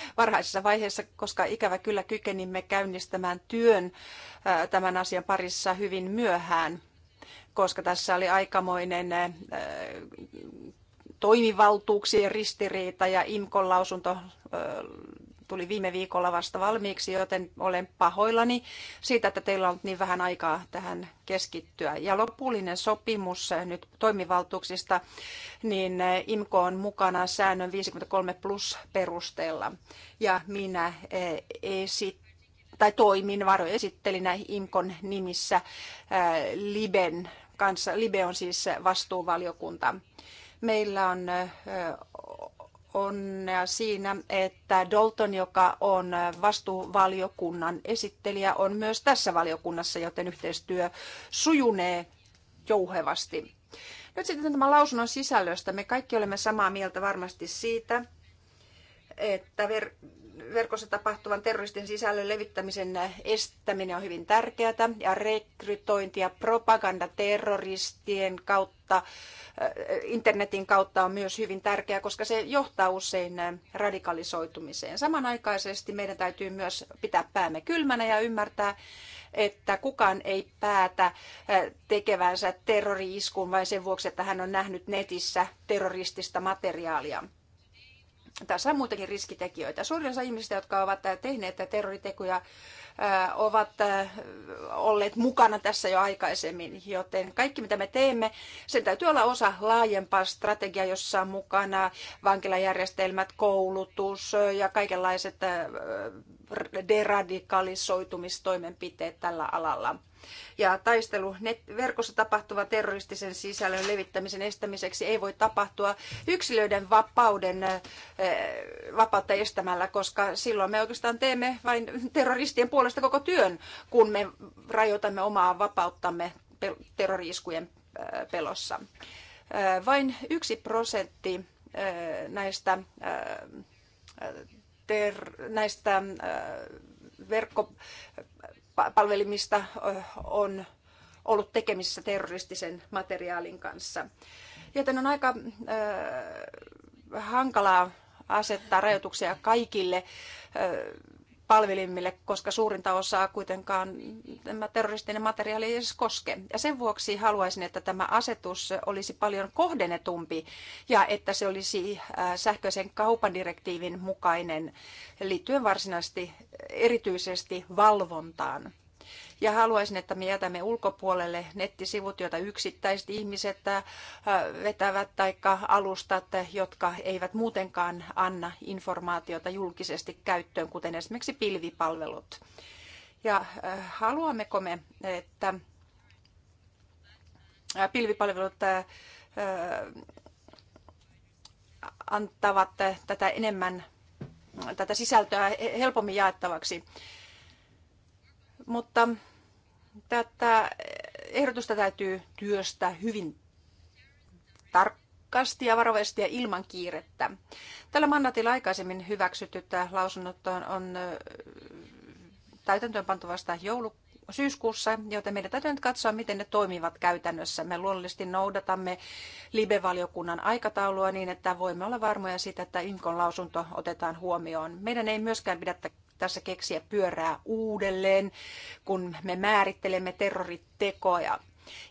varhaisessa vaiheessa, koska ikävä kyllä kykenimme käynnistämään työn tämän asian parissa hyvin myöhään, koska tässä oli aikamoinen toimivaltuuksien ristiriita ja IMKon lausunto tuli viime viikolla vasta valmiiksi, joten olen pahoillani siitä, että teillä on niin vähän aikaa tähän keskittyä. Ja lopullinen sopimus nyt toimivaltuuksista, niin IMKO on mukana säännön 53 plus perusteella. Ja minä eh, esittän tai toimin varoesittelinä IMKON nimissä eh, Liben kanssa. Libe on siis vastuuvaliokunta. Meillä on eh, on siinä, että Dalton, joka on vastuuvaliokunnan esittelijä, on myös tässä valiokunnassa, joten yhteistyö sujunee jouhevasti. Nyt sitten tämän lausunnon sisällöstä. Me kaikki olemme samaa mieltä varmasti siitä, että ver- verkossa tapahtuvan terroristin sisällön levittämisen estäminen on hyvin tärkeää ja rekrytointi ja propaganda terroristien kautta, äh, internetin kautta on myös hyvin tärkeää, koska se johtaa usein äh, radikalisoitumiseen. Samanaikaisesti meidän täytyy myös pitää päämme kylmänä ja ymmärtää, että kukaan ei päätä äh, tekevänsä terrori-iskun vain sen vuoksi, että hän on nähnyt netissä terroristista materiaalia tässä on muitakin riskitekijöitä. Suurin osa ihmisistä, jotka ovat tehneet terroritekoja, ovat olleet mukana tässä jo aikaisemmin, joten kaikki mitä me teemme, sen täytyy olla osa laajempaa strategiaa, jossa on mukana vankilajärjestelmät, koulutus ja kaikenlaiset deradikalisoitumistoimenpiteet tällä alalla. Ja taistelu net- verkossa tapahtuva terroristisen sisällön levittämisen estämiseksi ei voi tapahtua yksilöiden vapauden, vapautta estämällä, koska silloin me oikeastaan teemme vain terroristien puolesta koko työn, kun me rajoitamme omaa vapauttamme terroriiskujen pelossa. Vain yksi prosentti näistä, ter, näistä verkko, palvelimista on ollut tekemisissä terroristisen materiaalin kanssa. Joten on aika äh, hankalaa asettaa rajoituksia kaikille äh, palvelimille, koska suurinta osaa kuitenkaan tämä terroristinen materiaali ei edes koske. Ja sen vuoksi haluaisin, että tämä asetus olisi paljon kohdennetumpi ja että se olisi äh, sähköisen kaupan direktiivin mukainen liittyen varsinaisesti erityisesti valvontaan. Ja haluaisin, että me jätämme ulkopuolelle nettisivut, joita yksittäiset ihmiset äh, vetävät, tai alustat, jotka eivät muutenkaan anna informaatiota julkisesti käyttöön, kuten esimerkiksi pilvipalvelut. Ja äh, haluammeko me, että äh, pilvipalvelut antavat tätä enemmän tätä sisältöä helpommin jaettavaksi. Mutta tätä ehdotusta täytyy työstää hyvin tarkasti ja varovasti ja ilman kiirettä. Tällä mandatilla aikaisemmin hyväksytyt lausunnot on täytäntöön pantu vasta joulukuussa syyskuussa, joten meidän täytyy nyt katsoa, miten ne toimivat käytännössä. Me luonnollisesti noudatamme libe valiokunnan aikataulua niin, että voimme olla varmoja siitä, että Inkon lausunto otetaan huomioon. Meidän ei myöskään pidä tässä keksiä pyörää uudelleen, kun me määrittelemme terroritekoja.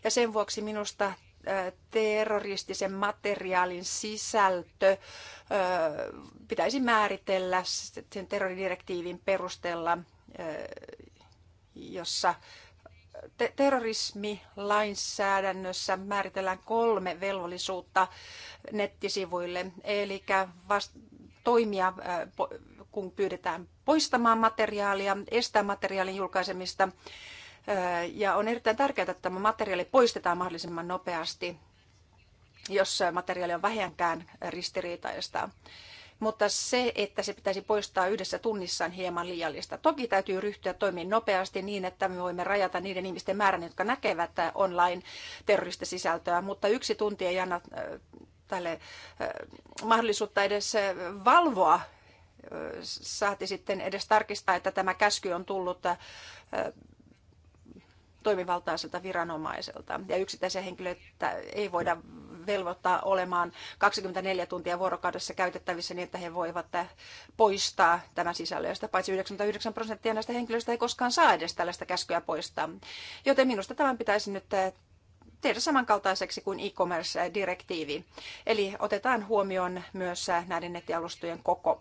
Ja sen vuoksi minusta äh, terroristisen materiaalin sisältö äh, pitäisi määritellä sen terroridirektiivin perusteella, äh, jossa terrorismi terrorismilainsäädännössä määritellään kolme velvollisuutta nettisivuille, eli vast- toimia kun pyydetään poistamaan materiaalia, estää materiaalin julkaisemista. Ja on erittäin tärkeää, että tämä materiaali poistetaan mahdollisimman nopeasti, jos materiaali on vähänkään ristiriitaista. Mutta se, että se pitäisi poistaa yhdessä tunnissa on hieman liiallista. Toki täytyy ryhtyä toimiin nopeasti niin, että me voimme rajata niiden ihmisten määrän, jotka näkevät online terroristisisältöä, mutta yksi tunti ei anna tälle mahdollisuutta edes valvoa saati sitten edes tarkistaa, että tämä käsky on tullut äh, toimivaltaiselta viranomaiselta. Ja yksittäisiä henkilöitä ei voida velvoittaa olemaan 24 tuntia vuorokaudessa käytettävissä niin, että he voivat äh, poistaa tämän sisällön. Sitä paitsi 99 prosenttia näistä henkilöistä ei koskaan saa edes tällaista käskyä poistaa. Joten minusta tämän pitäisi nyt äh, tehdä samankaltaiseksi kuin e-commerce-direktiivi. Eli otetaan huomioon myös näiden nettialustojen koko.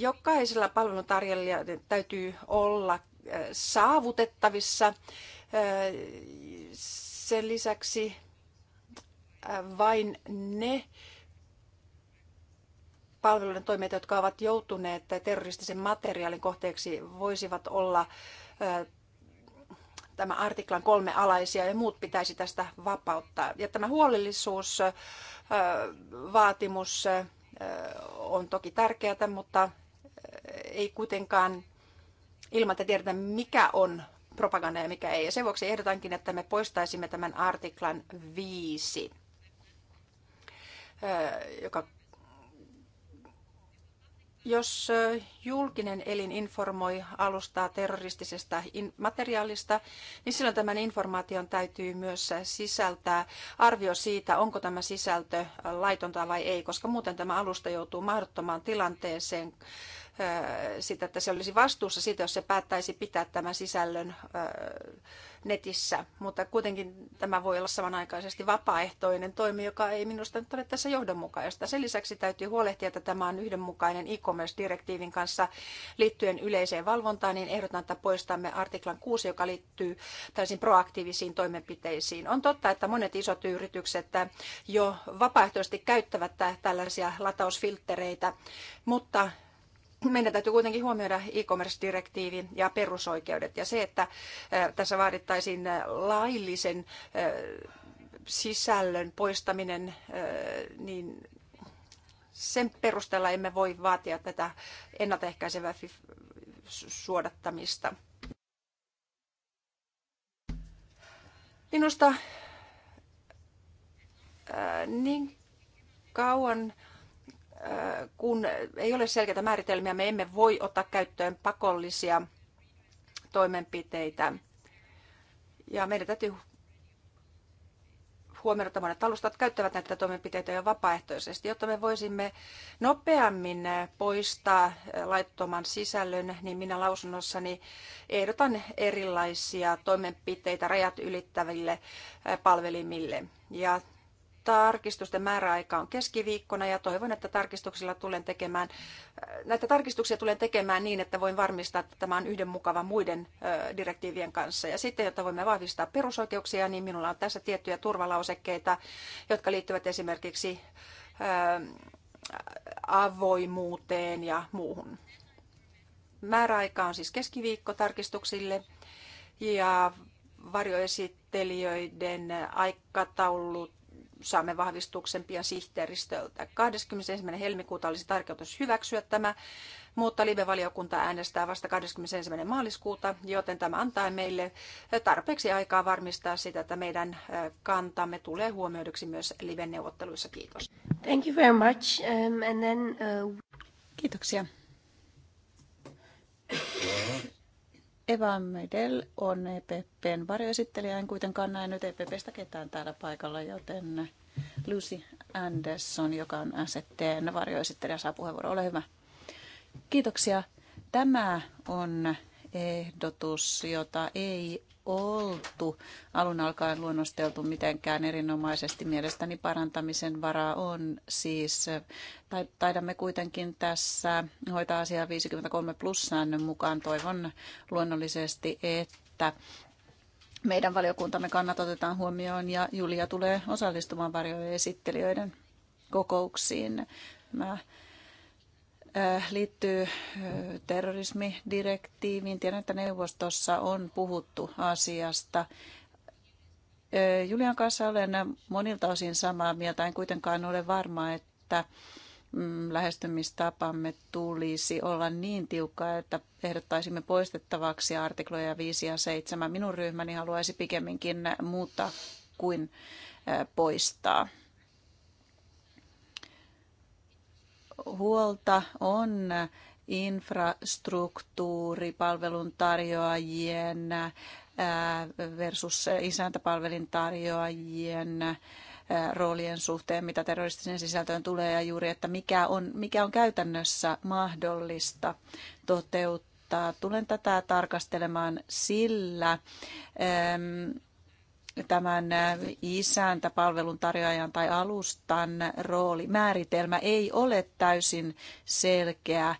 Jokaisella palveluntarjoajalla täytyy olla äh, saavutettavissa. Äh, sen lisäksi äh, vain ne palveluiden toimijat, jotka ovat joutuneet terroristisen materiaalin kohteeksi, voisivat olla tämä artiklan kolme alaisia ja muut pitäisi tästä vapauttaa. Ja tämä huolellisuusvaatimus on toki tärkeää, mutta ei kuitenkaan ilman, että tiedetä, mikä on propaganda ja mikä ei. Ja sen vuoksi ehdotankin, että me poistaisimme tämän artiklan 5, joka jos julkinen elin informoi alustaa terroristisesta materiaalista, niin silloin tämän informaation täytyy myös sisältää arvio siitä, onko tämä sisältö laitonta vai ei, koska muuten tämä alusta joutuu mahdottomaan tilanteeseen sitä, että se olisi vastuussa siitä, jos se päättäisi pitää tämän sisällön netissä, mutta kuitenkin tämä voi olla samanaikaisesti vapaaehtoinen toimi, joka ei minusta nyt ole tässä johdonmukaista. Sen lisäksi täytyy huolehtia, että tämä on yhdenmukainen e-commerce-direktiivin kanssa liittyen yleiseen valvontaan, niin ehdotan, että poistamme artiklan 6, joka liittyy täysin proaktiivisiin toimenpiteisiin. On totta, että monet isot yritykset jo vapaaehtoisesti käyttävät tällaisia latausfilttereitä, mutta meidän täytyy kuitenkin huomioida e-commerce-direktiivi ja perusoikeudet ja se, että tässä vaadittaisiin laillisen sisällön poistaminen, niin sen perusteella emme voi vaatia tätä ennaltaehkäisevää suodattamista. Minusta niin kauan kun ei ole selkeitä määritelmiä, me emme voi ottaa käyttöön pakollisia toimenpiteitä. Ja meidän täytyy huomioida, että monet alustat käyttävät näitä toimenpiteitä jo vapaaehtoisesti, jotta me voisimme nopeammin poistaa laittoman sisällön, niin minä lausunnossani ehdotan erilaisia toimenpiteitä rajat ylittäville palvelimille. Ja Tarkistusten määräaika on keskiviikkona ja toivon, että tarkistuksilla tulen tekemään, äh, näitä tarkistuksia tulen tekemään niin, että voin varmistaa, että tämä on yhdenmukava muiden äh, direktiivien kanssa. Ja sitten, jotta voimme vahvistaa perusoikeuksia, niin minulla on tässä tiettyjä turvalausekkeita, jotka liittyvät esimerkiksi ähm, avoimuuteen ja muuhun. Määräaika on siis keskiviikko tarkistuksille ja varjoesittelijöiden aikataulut saamme vahvistuksen pian sihteeristöltä. 21. helmikuuta olisi tarkoitus hyväksyä tämä, mutta live-valiokunta äänestää vasta 21. maaliskuuta, joten tämä antaa meille tarpeeksi aikaa varmistaa sitä, että meidän kantamme tulee huomioiduksi myös live-neuvotteluissa. Kiitos. Thank you very much. Um, and then, uh... Kiitoksia. Eva Medel on EPPn varjoesittelijä. En kuitenkaan näe nyt EPPstä ketään täällä paikalla, joten Lucy Anderson, joka on STn varjoesittelijä, saa puheenvuoron. Ole hyvä. Kiitoksia. Tämä on ehdotus, jota ei oltu alun alkaen luonnosteltu mitenkään erinomaisesti. Mielestäni parantamisen varaa on siis, tai taidamme kuitenkin tässä hoitaa asiaa 53 plus säännön mukaan. Toivon luonnollisesti, että meidän valiokuntamme kannat otetaan huomioon ja Julia tulee osallistumaan esittelijöiden kokouksiin. Mä liittyy terrorismidirektiiviin. Tiedän, että neuvostossa on puhuttu asiasta. Julian kanssa olen monilta osin samaa mieltä. En kuitenkaan ole varma, että mm, lähestymistapamme tulisi olla niin tiukka, että ehdottaisimme poistettavaksi artikloja 5 ja 7. Minun ryhmäni haluaisi pikemminkin muuttaa kuin poistaa. huolta on infrastruktuuripalvelun tarjoajien äh, versus isäntäpalvelin tarjoajien äh, roolien suhteen, mitä terroristisen sisältöön tulee ja juuri, että mikä on, mikä on käytännössä mahdollista toteuttaa. Tulen tätä tarkastelemaan sillä. Ähm, tämän isäntä, palveluntarjoajan tai alustan rooli, määritelmä ei ole täysin selkeä.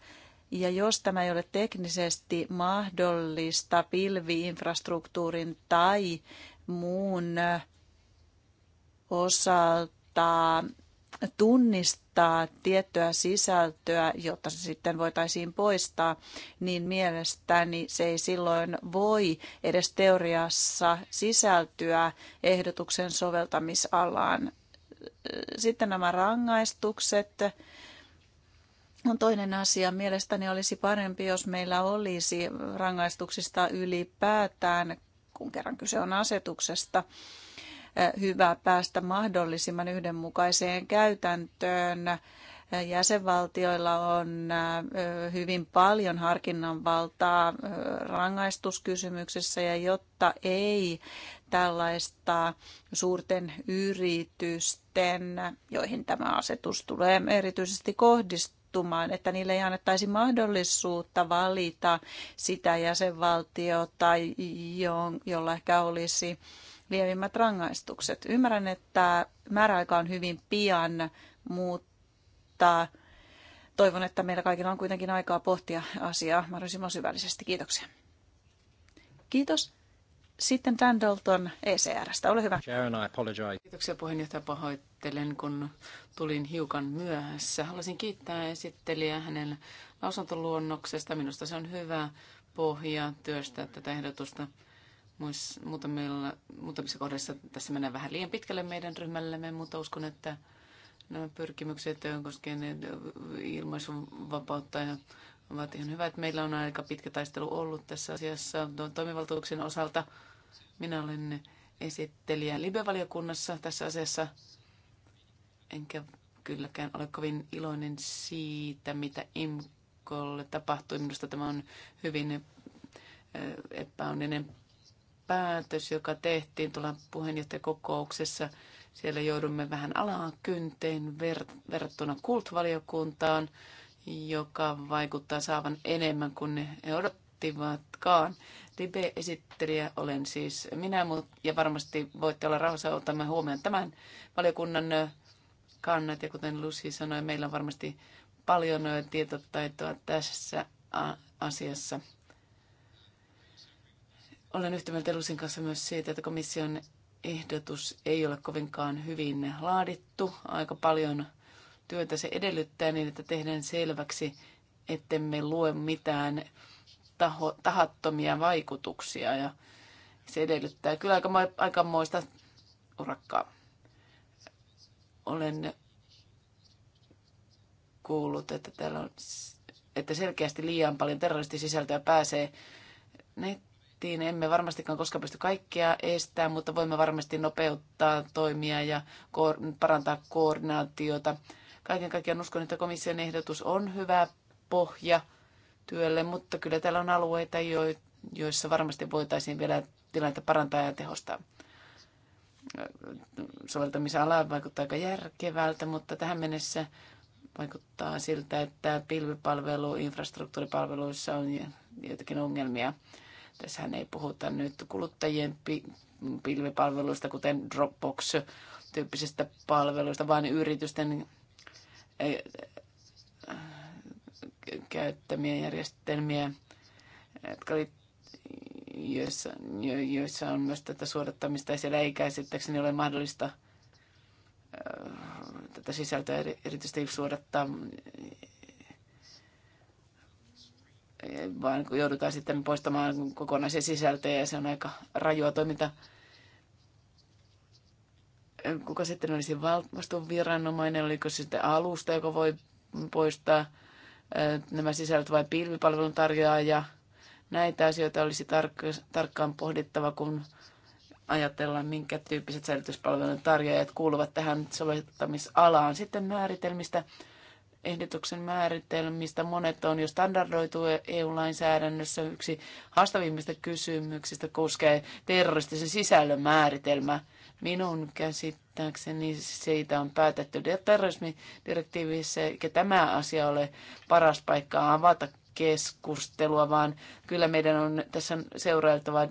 Ja jos tämä ei ole teknisesti mahdollista pilviinfrastruktuurin tai muun osalta tunnistaa tiettyä sisältöä, jotta se sitten voitaisiin poistaa, niin mielestäni se ei silloin voi edes teoriassa sisältyä ehdotuksen soveltamisalaan. Sitten nämä rangaistukset on no, toinen asia. Mielestäni olisi parempi, jos meillä olisi rangaistuksista ylipäätään, kun kerran kyse on asetuksesta, hyvä päästä mahdollisimman yhdenmukaiseen käytäntöön. Jäsenvaltioilla on hyvin paljon harkinnanvaltaa rangaistuskysymyksessä ja jotta ei tällaista suurten yritysten, joihin tämä asetus tulee erityisesti kohdistua, että niille ei annettaisi mahdollisuutta valita sitä jäsenvaltiota, jolla ehkä olisi lievimmät rangaistukset. Ymmärrän, että määräaika on hyvin pian, mutta toivon, että meillä kaikilla on kuitenkin aikaa pohtia asiaa mahdollisimman syvällisesti. Kiitoksia. Kiitos. Sitten Dan Dalton ECRstä. Ole hyvä. Sharon, I apologize. Kiitoksia puheenjohtaja. Pahoittelen, kun tulin hiukan myöhässä. Haluaisin kiittää esittelijää hänen lausuntoluonnoksesta. Minusta se on hyvä pohja työstää tätä ehdotusta. Muutamilla, muutamissa kohdissa tässä menee vähän liian pitkälle meidän ryhmällemme, mutta uskon, että nämä pyrkimykset koskien ilmaisuvapautta ja ovat ihan hyvät. Meillä on aika pitkä taistelu ollut tässä asiassa toimivaltuuksien osalta. Minä olen esittelijä Libe-valiokunnassa tässä asiassa, enkä kylläkään ole kovin iloinen siitä, mitä IMKOlle tapahtui. Minusta tämä on hyvin epäonninen päätös, joka tehtiin tuolla puheenjohtajakokouksessa. Siellä joudumme vähän alaan kynteen ver- verrattuna kultvaliokuntaan, joka vaikuttaa saavan enemmän kuin ne odottivatkaan. Libe-esittelijä olen siis minä, ja varmasti voitte olla rauhassa ottamme huomioon tämän valiokunnan kannat. Ja kuten Lucy sanoi, meillä on varmasti paljon tietotaitoa tässä asiassa. Olen yhtä mieltä Lusin kanssa myös siitä, että komission ehdotus ei ole kovinkaan hyvin laadittu. Aika paljon työtä se edellyttää niin, että tehdään selväksi, ettemme lue mitään taho, tahattomia vaikutuksia. Ja se edellyttää kyllä aika, aikamoista urakkaa. Olen kuullut, että, täällä on, että selkeästi liian paljon terroristisisältöä pääsee net, tehtiin. Emme varmastikaan koskaan pysty kaikkea estämään, mutta voimme varmasti nopeuttaa toimia ja parantaa koordinaatiota. Kaiken kaikkiaan uskon, että komission ehdotus on hyvä pohja työlle, mutta kyllä täällä on alueita, joissa varmasti voitaisiin vielä tilannetta parantaa ja tehostaa. Soveltamisala vaikuttaa aika järkevältä, mutta tähän mennessä vaikuttaa siltä, että pilvipalvelu, infrastruktuuripalveluissa on joitakin ongelmia. Tässähän ei puhuta nyt kuluttajien pilvipalveluista, kuten Dropbox-tyyppisistä palveluista, vaan yritysten eh, eh, käyttämiä järjestelmiä, jotka oli, joissa, jo, joissa on myös tätä suodattamista, ja siellä ei käsittääkseni ole mahdollista eh, tätä sisältöä erityisesti suodattaa vaan kun joudutaan sitten poistamaan kokonaisia sisältöjä ja se on aika rajua toiminta. Kuka sitten olisi viranomainen, oliko se sitten alusta, joka voi poistaa nämä sisältöt vai pilvipalvelun tarjoaja. Näitä asioita olisi tark- tarkkaan pohdittava, kun ajatellaan, minkä tyyppiset säilytyspalvelun tarjoajat kuuluvat tähän soveltamisalaan. Sitten määritelmistä ehdotuksen määritelmistä. Monet on jo standardoitu EU-lainsäädännössä. Yksi haastavimmista kysymyksistä koskee terroristisen sisällön määritelmä. Minun käsittääkseni siitä on päätetty terrorismidirektiivissä, eikä tämä asia ole paras paikka avata keskustelua, vaan kyllä meidän on tässä seurailtava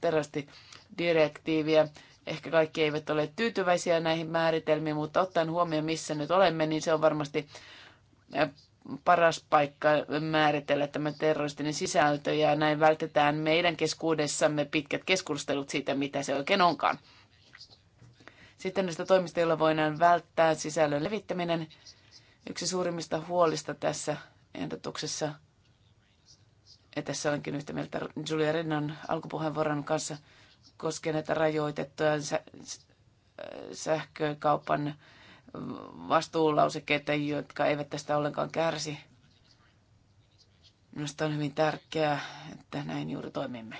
terroristidirektiiviä Ehkä kaikki eivät ole tyytyväisiä näihin määritelmiin, mutta ottaen huomioon, missä nyt olemme, niin se on varmasti paras paikka määritellä tämä terroristinen sisältö ja näin vältetään meidän keskuudessamme pitkät keskustelut siitä, mitä se oikein onkaan. Sitten näistä toimista, joilla voidaan välttää sisällön levittäminen. Yksi suurimmista huolista tässä ehdotuksessa, ja tässä olenkin yhtä mieltä Julia Rennan alkupuheenvuoron kanssa, koskee näitä rajoitettuja sähkökaupan vastuulausekkeita, jotka eivät tästä ollenkaan kärsi. Minusta on hyvin tärkeää, että näin juuri toimimme.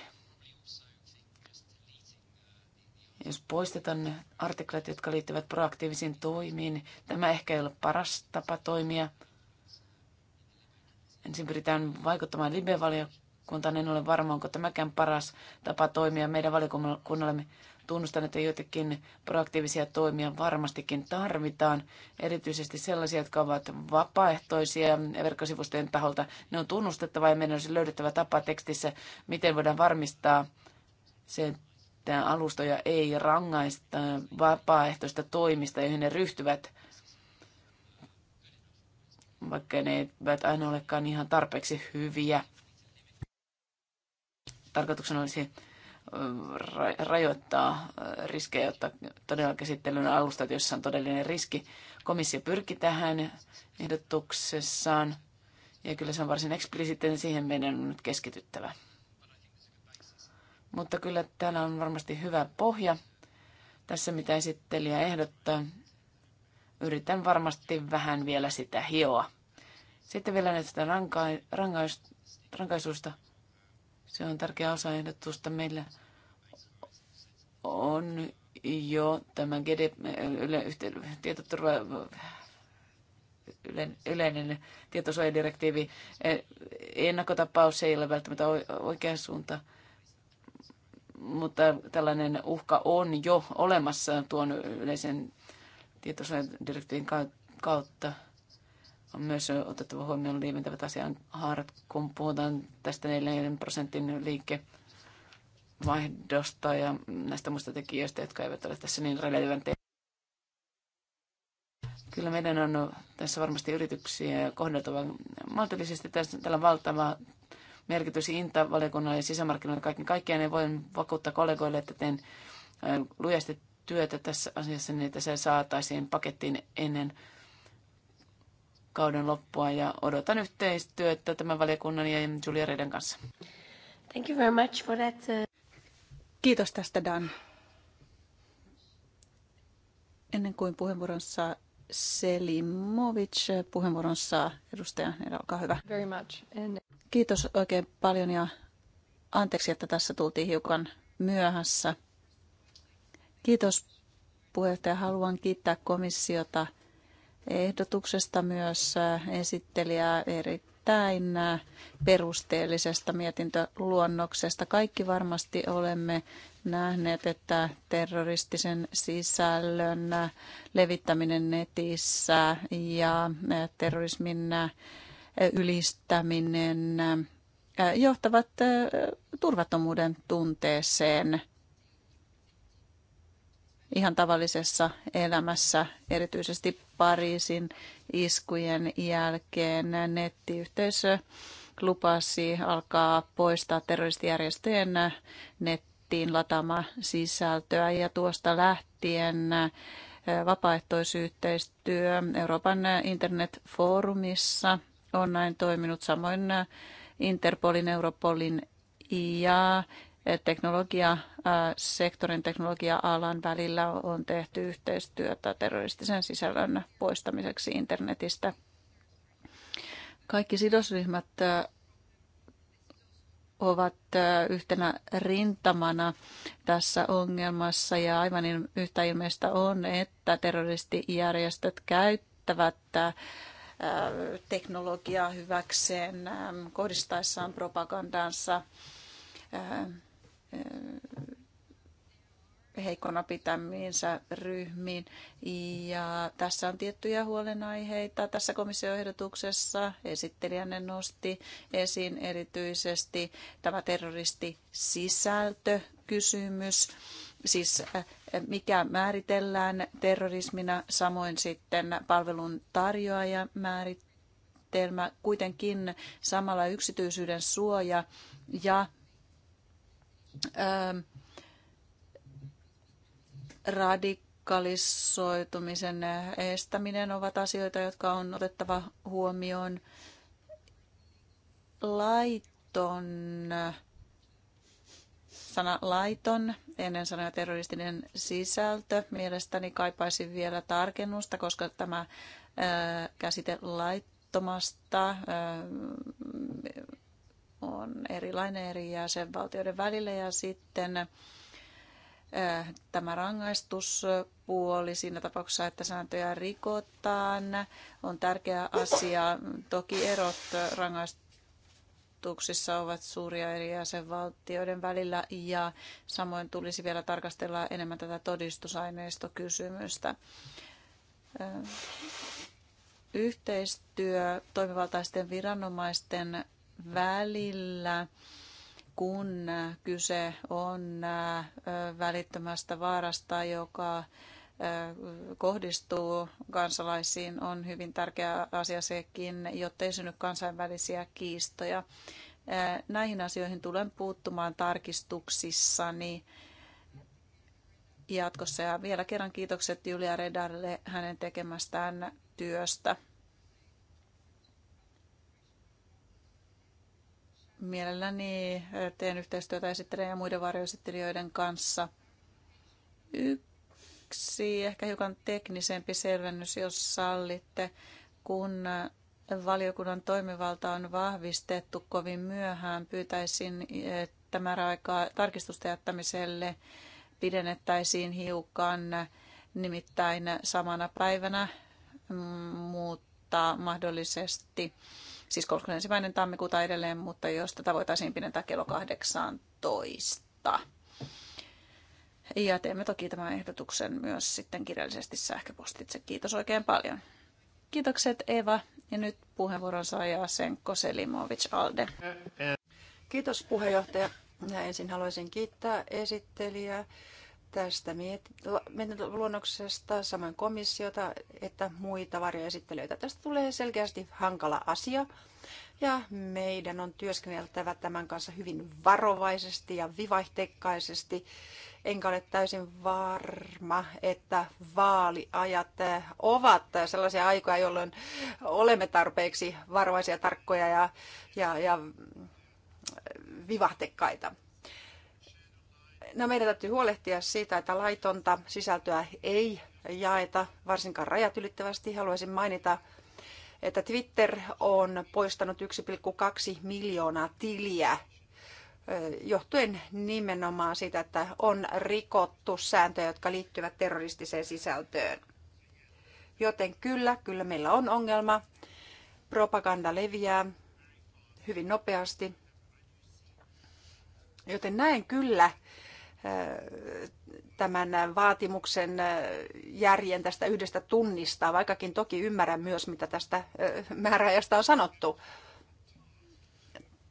Jos poistetaan ne artiklat, jotka liittyvät proaktiivisiin toimiin, tämä ehkä ei ole paras tapa toimia. Ensin pyritään vaikuttamaan live kuntaan. Niin en ole varma, onko tämäkään paras tapa toimia. Meidän valiokunnallemme tunnustan, että joitakin proaktiivisia toimia varmastikin tarvitaan, erityisesti sellaisia, jotka ovat vapaaehtoisia verkkosivustojen taholta. Ne on tunnustettava ja meidän olisi löydettävä tapa tekstissä, miten voidaan varmistaa se, että alustoja ei rangaista vapaaehtoista toimista, joihin ne ryhtyvät, vaikka ne eivät aina olekaan ihan tarpeeksi hyviä tarkoituksena olisi rajoittaa riskejä, jotta todella käsittelyn että jossa on todellinen riski. Komissio pyrki tähän ehdotuksessaan ja kyllä se on varsin eksplisiittinen, siihen meidän on nyt keskityttävä. Mutta kyllä täällä on varmasti hyvä pohja tässä, mitä esittelijä ehdottaa. Yritän varmasti vähän vielä sitä hioa. Sitten vielä näistä ranka- rankaisuista se on tärkeä osa ehdotusta. Meillä on jo tämän GD, yleinen tietosuojadirektiivi. E, ennakkotapaus ei ole välttämättä oikea suunta, mutta tällainen uhka on jo olemassa tuon yleisen tietosuojadirektiivin kautta on myös otettava huomioon lieventävät asian haarat, kun puhutaan tästä 4 prosentin liikevaihdosta ja näistä muista tekijöistä, jotka eivät ole tässä niin relevantteja. Kyllä meidän on tässä varmasti yrityksiä kohdeltava maltillisesti. Tällä on valtava merkitys Inta-valiokunnalle ja sisämarkkinoille kaiken kaikkiaan. Ja voin vakuuttaa kollegoille, että teen äh, lujasti työtä tässä asiassa niin, että se saataisiin pakettiin ennen kauden loppua ja odotan yhteistyötä tämän valiokunnan ja Julia Reiden kanssa. Thank you very much for that. Uh, Kiitos tästä Dan. Ennen kuin puheenvuoron saa Selimovic, puheenvuoron saa edustaja niin olkaa hyvä. Very much. And... Kiitos oikein paljon ja anteeksi, että tässä tultiin hiukan myöhässä. Kiitos puheenjohtaja. Haluan kiittää komissiota – ehdotuksesta myös äh, esittelijää erittäin äh, perusteellisesta mietintöluonnoksesta. Kaikki varmasti olemme nähneet, että terroristisen sisällön äh, levittäminen netissä ja terrorismin ylistäminen johtavat turvattomuuden tunteeseen – ihan tavallisessa elämässä, erityisesti Pariisin iskujen jälkeen nettiyhteisö lupasi alkaa poistaa terroristijärjestöjen nettiin lataama sisältöä ja tuosta lähtien vapaaehtoisyhteistyö Euroopan internetfoorumissa on näin toiminut, samoin Interpolin, Europolin ja teknologiasektorin teknologia-alan välillä on tehty yhteistyötä terroristisen sisällön poistamiseksi internetistä. Kaikki sidosryhmät ovat yhtenä rintamana tässä ongelmassa ja aivan yhtä ilmeistä on, että terroristijärjestöt käyttävät teknologiaa hyväkseen kohdistaessaan propagandansa Eh, heikona pitämiinsä ryhmiin. Ja tässä on tiettyjä huolenaiheita. Tässä komissioehdotuksessa esittelijänne nosti esiin erityisesti tämä terroristisisältökysymys, siis eh, mikä määritellään terrorismina, samoin sitten palvelun tarjoaja määritelmä. kuitenkin samalla yksityisyyden suoja ja Ähm, radikalisoitumisen estäminen ovat asioita, jotka on otettava huomioon. Laiton, sana laiton, ennen sanoja terroristinen sisältö, mielestäni kaipaisi vielä tarkennusta, koska tämä äh, käsite laittomasta äh, on erilainen eri jäsenvaltioiden välillä ja sitten eh, tämä rangaistuspuoli siinä tapauksessa, että sääntöjä rikotaan, on tärkeä asia. Toki erot rangaistuksissa ovat suuria eri jäsenvaltioiden välillä ja samoin tulisi vielä tarkastella enemmän tätä todistusaineistokysymystä. Eh, yhteistyö toimivaltaisten viranomaisten välillä, kun kyse on välittömästä vaarasta, joka kohdistuu kansalaisiin, on hyvin tärkeä asia sekin, jotta ei synny kansainvälisiä kiistoja. Näihin asioihin tulen puuttumaan tarkistuksissani jatkossa. Ja vielä kerran kiitokset Julia Redarille hänen tekemästään työstä. mielelläni teen yhteistyötä esittelijän ja muiden varjoesittelijöiden kanssa. Yksi ehkä hiukan teknisempi selvennys, jos sallitte, kun valiokunnan toimivalta on vahvistettu kovin myöhään. Pyytäisin, että määräaikaa tarkistusta jättämiselle pidennettäisiin hiukan, nimittäin samana päivänä mutta muuttaa mahdollisesti, siis 31. tammikuuta edelleen, mutta jos tätä voitaisiin pidentää kello 18. Ja teemme toki tämän ehdotuksen myös sitten kirjallisesti sähköpostitse. Kiitos oikein paljon. Kiitokset Eva ja nyt puheenvuoron saa Senko Selimovic Alde. Kiitos puheenjohtaja. Ja ensin haluaisin kiittää esittelijää tästä luonnoksesta samoin komissiota, että muita varjoesittelyitä. Tästä tulee selkeästi hankala asia ja meidän on työskenneltävä tämän kanssa hyvin varovaisesti ja vivahteikkaisesti. Enkä ole täysin varma, että vaaliajat ovat sellaisia aikoja, jolloin olemme tarpeeksi varovaisia, tarkkoja ja, ja, ja vivahtekkaita. No meidän täytyy huolehtia siitä, että laitonta sisältöä ei jaeta, varsinkaan rajat ylittävästi. Haluaisin mainita, että Twitter on poistanut 1,2 miljoonaa tiliä johtuen nimenomaan siitä, että on rikottu sääntöjä, jotka liittyvät terroristiseen sisältöön. Joten kyllä, kyllä meillä on ongelma. Propaganda leviää hyvin nopeasti. Joten näen kyllä tämän vaatimuksen järjen tästä yhdestä tunnista, vaikkakin toki ymmärrän myös, mitä tästä määräajasta on sanottu.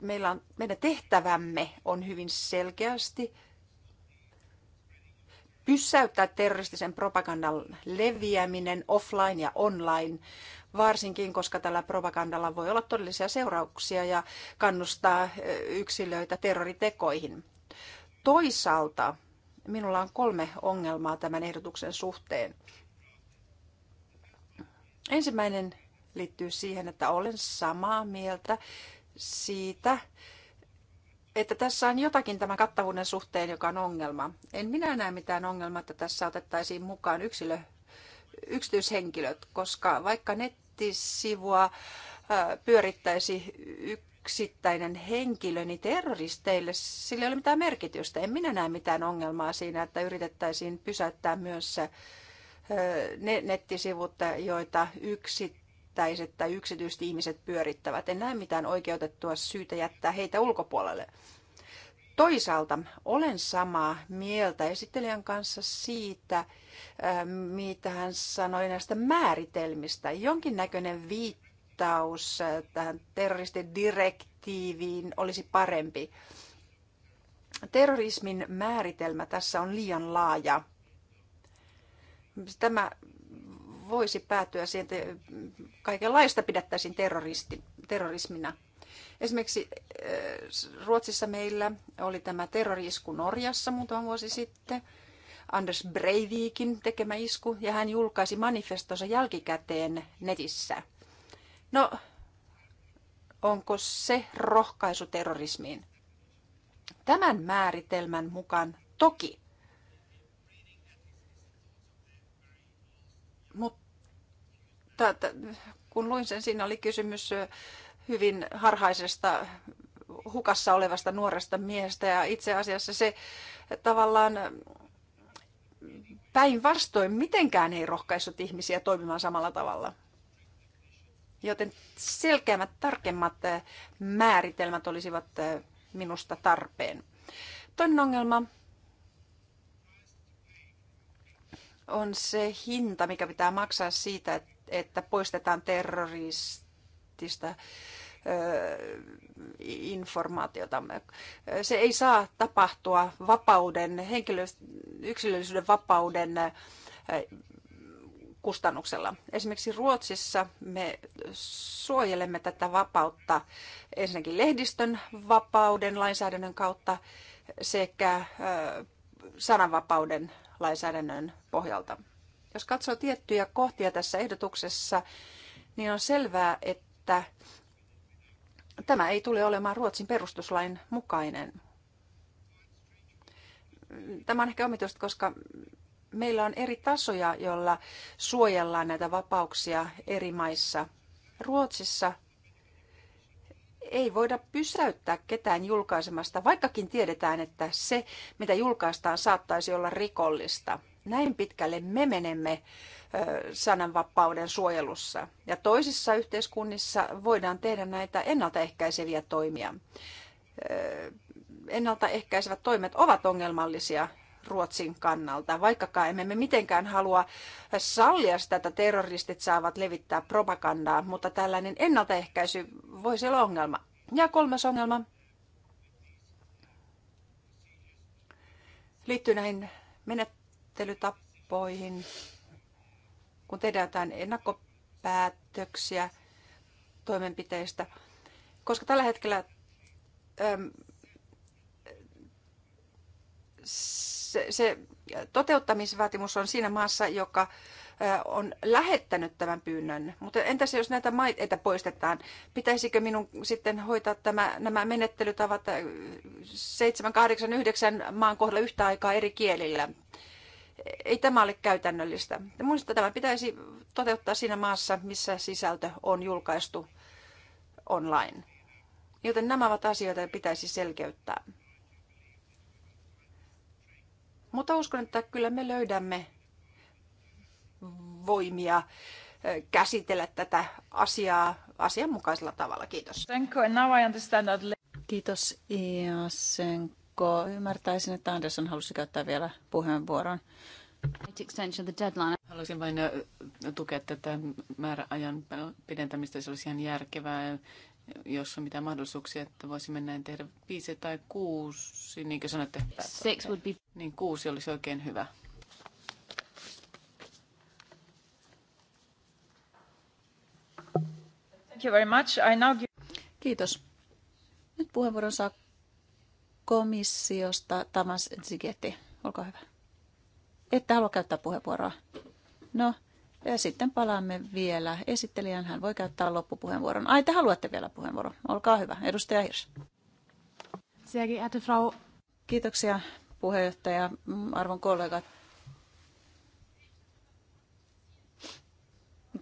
Meillä on, meidän tehtävämme on hyvin selkeästi pysäyttää terroristisen propagandan leviäminen offline ja online, varsinkin koska tällä propagandalla voi olla todellisia seurauksia ja kannustaa yksilöitä terroritekoihin. Toisaalta minulla on kolme ongelmaa tämän ehdotuksen suhteen. Ensimmäinen liittyy siihen, että olen samaa mieltä siitä, että tässä on jotakin tämän kattavuuden suhteen, joka on ongelma. En minä näe mitään ongelmaa, että tässä otettaisiin mukaan yksilö, yksityishenkilöt, koska vaikka nettisivua pyörittäisi yksittäinen henkilö, niin terroristeille sillä ei ole mitään merkitystä. En minä näe mitään ongelmaa siinä, että yritettäisiin pysäyttää myös ne nettisivut, joita yksittäiset tai yksityiset ihmiset pyörittävät. En näe mitään oikeutettua syytä jättää heitä ulkopuolelle. Toisaalta olen samaa mieltä esittelijän kanssa siitä, mitä hän sanoi näistä määritelmistä. Jonkinnäköinen viitti viittaus äh, tähän terroristidirektiiviin olisi parempi. Terrorismin määritelmä tässä on liian laaja. Tämä voisi päätyä siihen, että kaikenlaista pidettäisiin terroristi, terrorismina. Esimerkiksi äh, Ruotsissa meillä oli tämä terrorisku Norjassa muutama vuosi sitten. Anders Breivikin tekemä isku, ja hän julkaisi manifestonsa jälkikäteen netissä – No, onko se rohkaisu terrorismiin? Tämän määritelmän mukaan toki. Mutta kun luin sen, siinä oli kysymys hyvin harhaisesta hukassa olevasta nuoresta miehestä ja itse asiassa se tavallaan päinvastoin mitenkään ei rohkaissut ihmisiä toimimaan samalla tavalla. Joten selkeämmät, tarkemmat eh, määritelmät olisivat eh, minusta tarpeen. Toinen ongelma on se hinta, mikä pitää maksaa siitä, että poistetaan terroristista eh, informaatiota. Se ei saa tapahtua vapauden, henkilö, yksilöllisyyden vapauden kustannuksella. Esimerkiksi Ruotsissa me suojelemme tätä vapautta ensinnäkin lehdistön vapauden lainsäädännön kautta sekä sananvapauden lainsäädännön pohjalta. Jos katsoo tiettyjä kohtia tässä ehdotuksessa, niin on selvää, että tämä ei tule olemaan Ruotsin perustuslain mukainen. Tämä on ehkä omituista, koska meillä on eri tasoja, joilla suojellaan näitä vapauksia eri maissa. Ruotsissa ei voida pysäyttää ketään julkaisemasta, vaikkakin tiedetään, että se, mitä julkaistaan, saattaisi olla rikollista. Näin pitkälle me menemme sananvapauden suojelussa. Ja toisissa yhteiskunnissa voidaan tehdä näitä ennaltaehkäiseviä toimia. Ennaltaehkäisevät toimet ovat ongelmallisia Ruotsin kannalta, vaikkakaan emme me mitenkään halua sallia sitä, että terroristit saavat levittää propagandaa, mutta tällainen ennaltaehkäisy voisi olla ongelma. Ja kolmas ongelma liittyy näihin menettelytappoihin, kun tehdään jotain ennakkopäätöksiä toimenpiteistä, koska tällä hetkellä se, se toteuttamisvaatimus on siinä maassa, joka on lähettänyt tämän pyynnön. Mutta entäs jos näitä maita poistetaan, pitäisikö minun sitten hoitaa tämä, nämä menettelytavat 7, 8, 9 maan kohdalla yhtä aikaa eri kielillä? Ei tämä ole käytännöllistä. Minusta tämä pitäisi toteuttaa siinä maassa, missä sisältö on julkaistu online. Joten nämä ovat asioita, joita pitäisi selkeyttää. Mutta uskon, että kyllä me löydämme voimia äh, käsitellä tätä asiaa asianmukaisella tavalla. Kiitos. Kiitos Iasenko. Ymmärtäisin, että Anderson halusi käyttää vielä puheenvuoron. Haluaisin vain tukea tätä määräajan pidentämistä. Se olisi ihan järkevää jos on mitään mahdollisuuksia, että mennä näin tehdä viisi tai kuusi, niin kuin sanotte, Six would be... niin kuusi olisi oikein hyvä. Thank you very much. I now give... Kiitos. Nyt puheenvuoron saa komissiosta Tamas Zigeti. Olkaa hyvä. Ette halua käyttää puheenvuoroa. No, sitten palaamme vielä esittelijän. Hän voi käyttää loppupuheenvuoron. Ai, te haluatte vielä puheenvuoron. Olkaa hyvä. Edustaja Hirs. Kiitoksia puheenjohtaja, arvon kollegat.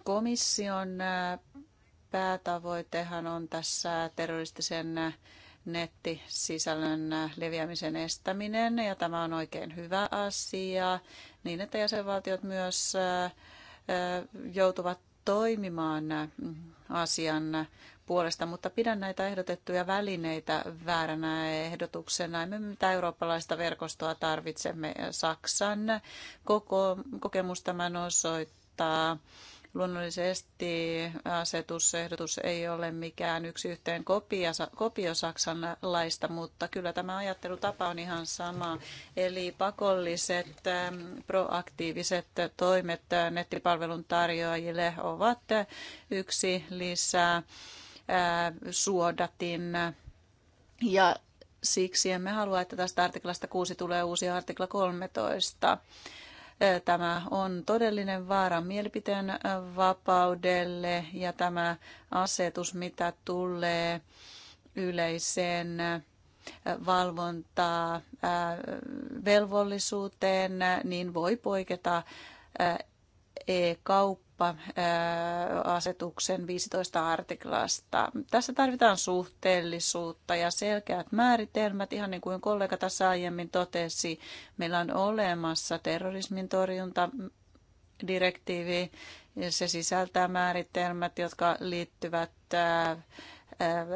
Komission päätavoitehan on tässä terroristisen nettisisällön leviämisen estäminen, ja tämä on oikein hyvä asia, niin että jäsenvaltiot myös joutuvat toimimaan asian puolesta, mutta pidän näitä ehdotettuja välineitä vääränä ehdotuksena. Me mitä eurooppalaista verkostoa tarvitsemme. Saksan koko, kokemus tämän osoittaa. Luonnollisesti asetusehdotus ei ole mikään yksi yhteen kopio, kopio Saksan laista, mutta kyllä tämä ajattelutapa on ihan sama. Eli pakolliset proaktiiviset toimet nettipalvelun tarjoajille ovat yksi lisää suodatin. Ja siksi emme halua, että tästä artiklasta 6 tulee uusi artikla 13. Tämä on todellinen vaara mielipiteen vapaudelle ja tämä asetus, mitä tulee yleiseen valvontaa velvollisuuteen, niin voi poiketa e-kauppaan kauppa-asetuksen 15 artiklasta. Tässä tarvitaan suhteellisuutta ja selkeät määritelmät, ihan niin kuin kollega tässä aiemmin totesi. Meillä on olemassa terrorismin torjunta direktiivi. Se sisältää määritelmät, jotka liittyvät äh, äh,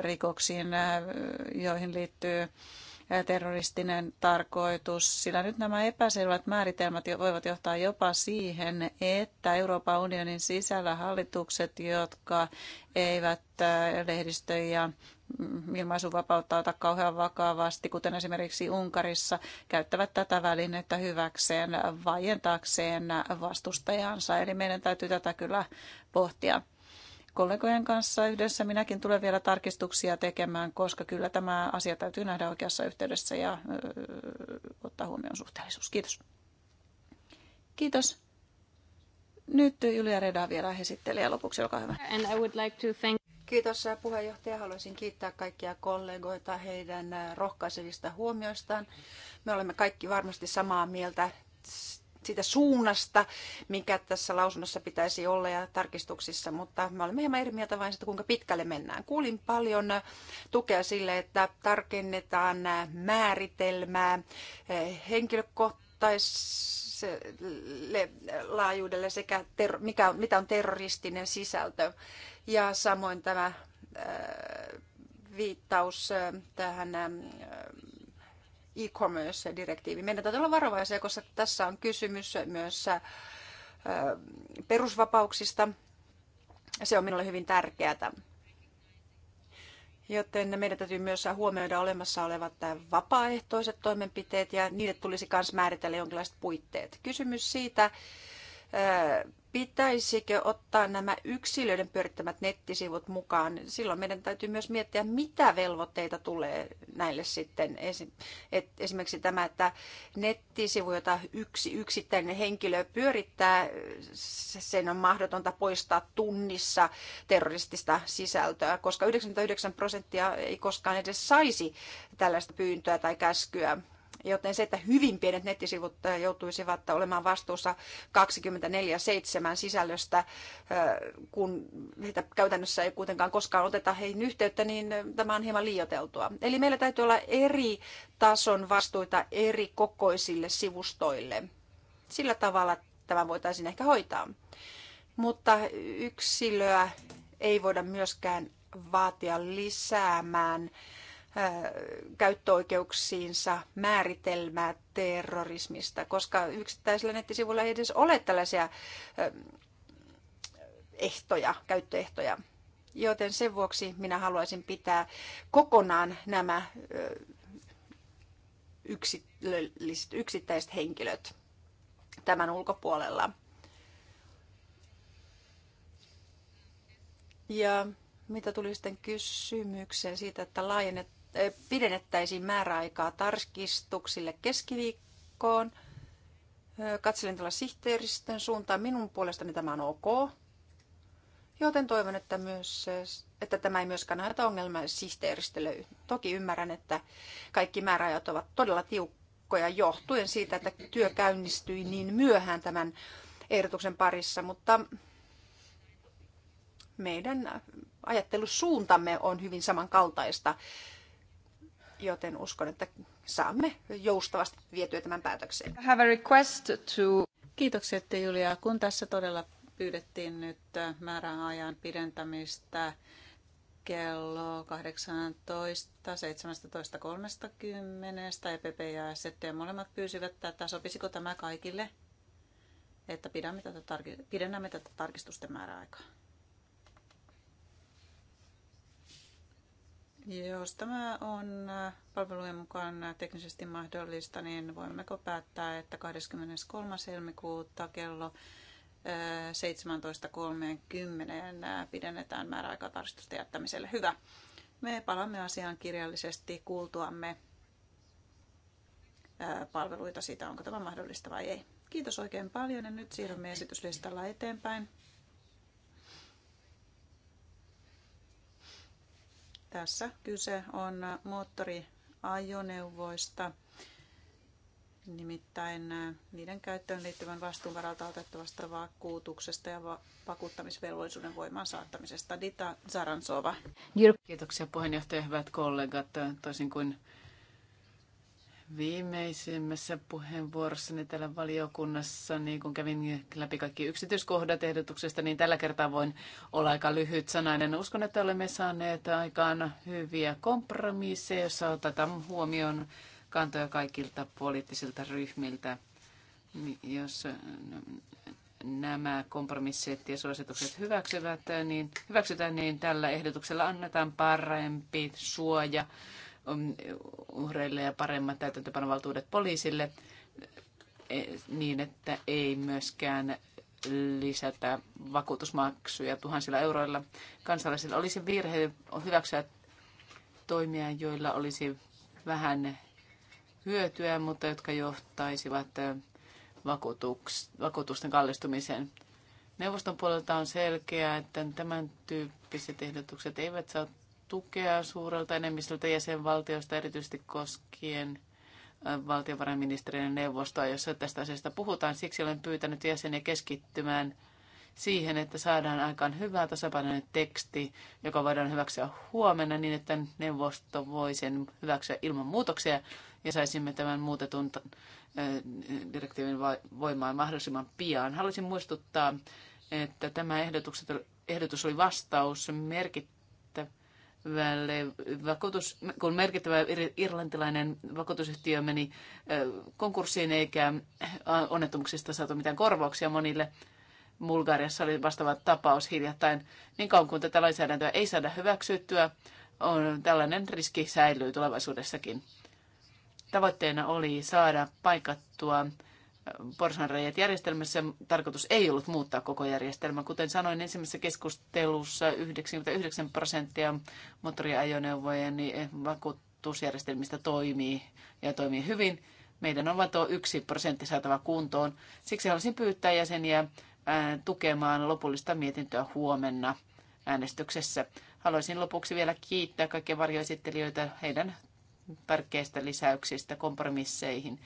rikoksiin, äh, joihin liittyy terroristinen tarkoitus, sillä nyt nämä epäselvät määritelmät voivat johtaa jopa siihen, että Euroopan unionin sisällä hallitukset, jotka eivät lehdistö ja mm, ilmaisuvapautta ota kauhean vakavasti, kuten esimerkiksi Unkarissa, käyttävät tätä välinettä hyväkseen vaientaakseen vastustajansa. Eli meidän täytyy tätä kyllä pohtia kollegojen kanssa yhdessä. Minäkin tulen vielä tarkistuksia tekemään, koska kyllä tämä asia täytyy nähdä oikeassa yhteydessä ja ottaa huomioon suhteellisuus. Kiitos. Kiitos. Nyt Julia Reda vielä esittelee lopuksi, olkaa hyvä. And I would like to thank... Kiitos puheenjohtaja. Haluaisin kiittää kaikkia kollegoita heidän rohkaisevista huomioistaan. Me olemme kaikki varmasti samaa mieltä siitä suunnasta, mikä tässä lausunnossa pitäisi olla ja tarkistuksissa, mutta me olemme hieman eri mieltä vain siitä, kuinka pitkälle mennään. Kuulin paljon tukea sille, että tarkennetaan määritelmää henkilökohtaiselle laajuudelle sekä ter- mikä on, mitä on terroristinen sisältö ja samoin tämä äh, viittaus äh, tähän äh, e-commerce-direktiivi. Meidän täytyy olla varovaisia, koska tässä on kysymys myös äh, perusvapauksista. Se on minulle hyvin tärkeää. Joten meidän täytyy myös huomioida olemassa olevat vapaaehtoiset toimenpiteet ja niille tulisi myös määritellä jonkinlaiset puitteet. Kysymys siitä, äh, pitäisikö ottaa nämä yksilöiden pyörittämät nettisivut mukaan? Silloin meidän täytyy myös miettiä, mitä velvoitteita tulee näille sitten. Esimerkiksi tämä, että nettisivu, jota yksi yksittäinen henkilö pyörittää, sen on mahdotonta poistaa tunnissa terroristista sisältöä, koska 99 prosenttia ei koskaan edes saisi tällaista pyyntöä tai käskyä Joten se, että hyvin pienet nettisivut joutuisivat olemaan vastuussa 24-7 sisällöstä, kun heitä käytännössä ei kuitenkaan koskaan oteta heihin yhteyttä, niin tämä on hieman liioteltua. Eli meillä täytyy olla eri tason vastuita eri kokoisille sivustoille. Sillä tavalla tämä voitaisiin ehkä hoitaa. Mutta yksilöä ei voida myöskään vaatia lisäämään käyttöoikeuksiinsa määritelmää terrorismista, koska yksittäisillä nettisivuilla ei edes ole tällaisia ehtoja, käyttöehtoja. Joten sen vuoksi minä haluaisin pitää kokonaan nämä yksittäiset henkilöt tämän ulkopuolella. Ja mitä tuli sitten kysymykseen siitä, että laajennettaisiin pidennettäisiin määräaikaa tarkistuksille keskiviikkoon. Katselin tuolla sihteeristön suuntaan. Minun puolestani tämä on ok. Joten toivon, että, myös, että tämä ei myöskään aiheuta ongelmaa sihteeristölle. Toki ymmärrän, että kaikki määräajat ovat todella tiukkoja johtuen siitä, että työ käynnistyi niin myöhään tämän ehdotuksen parissa, mutta meidän ajattelusuuntamme on hyvin samankaltaista joten uskon, että saamme joustavasti vietyä tämän päätökseen. Have a request to... Kiitokset Julia. Kun tässä todella pyydettiin nyt määräajan pidentämistä kello 18, 17.30 EPP ja ST molemmat pyysivät tätä. Sopisiko tämä kaikille, että pidämme tätä, pidennämme tätä tarkistusten määräaikaa? Jos tämä on äh, palvelujen mukaan äh, teknisesti mahdollista, niin voimmeko päättää, että 23. helmikuuta kello 17.30 äh, pidennetään määräaikatarkistusten jättämiselle. Hyvä. Me palaamme asiaan kirjallisesti kuultuamme palveluita siitä, onko tämä mahdollista vai ei. Kiitos oikein paljon ja nyt siirrymme esityslistalla eteenpäin. Tässä kyse on moottoriajoneuvoista, nimittäin niiden käyttöön liittyvän vastuun varalta otettavasta vakuutuksesta ja vakuuttamisvelvollisuuden voimaan saattamisesta. Dita Zaransova. Kiitoksia puheenjohtaja, hyvät kollegat. Toisin kuin viimeisimmässä puheenvuorossani täällä valiokunnassa, niin kun kävin läpi kaikki yksityiskohdat ehdotuksesta, niin tällä kertaa voin olla aika lyhyt sanainen. Uskon, että olemme saaneet aikaan hyviä kompromisseja, joissa otetaan huomioon kantoja kaikilta poliittisilta ryhmiltä. Jos nämä kompromissit ja suositukset hyväksyvät, niin hyväksytään, niin tällä ehdotuksella annetaan parempi suoja uhreille ja paremmat täytäntöpanovaltuudet poliisille e, niin, että ei myöskään lisätä vakuutusmaksuja tuhansilla euroilla kansalaisilla. Olisi virhe hyväksyä toimia, joilla olisi vähän hyötyä, mutta jotka johtaisivat vakuutusten kallistumiseen. Neuvoston puolelta on selkeää, että tämän tyyppiset ehdotukset eivät saa tukea suurelta enemmistöltä jäsenvaltioista, erityisesti koskien valtiovarainministeriön neuvostoa, jossa tästä asiasta puhutaan. Siksi olen pyytänyt jäseniä keskittymään siihen, että saadaan aikaan hyvä tasapainoinen teksti, joka voidaan hyväksyä huomenna niin, että neuvosto voi sen hyväksyä ilman muutoksia ja saisimme tämän muutetun direktiivin voimaan mahdollisimman pian. Haluaisin muistuttaa, että tämä ehdotus oli vastaus merkittävä välle vakuutus, kun merkittävä irlantilainen vakuutusyhtiö meni konkurssiin eikä onnettomuuksista saatu mitään korvauksia monille. Bulgariassa oli vastaava tapaus hiljattain. Niin kauan kuin tätä lainsäädäntöä ei saada hyväksyttyä, on, tällainen riski säilyy tulevaisuudessakin. Tavoitteena oli saada paikattua porsanreijät järjestelmässä. Tarkoitus ei ollut muuttaa koko järjestelmää. Kuten sanoin ensimmäisessä keskustelussa, 99 prosenttia moottoriajoneuvojen niin eh, vakuutusjärjestelmistä toimii ja toimii hyvin. Meidän on vain tuo yksi prosentti saatava kuntoon. Siksi haluaisin pyytää jäseniä tukemaan lopullista mietintöä huomenna äänestyksessä. Haluaisin lopuksi vielä kiittää kaikkia varjoesittelijöitä heidän tärkeistä lisäyksistä kompromisseihin.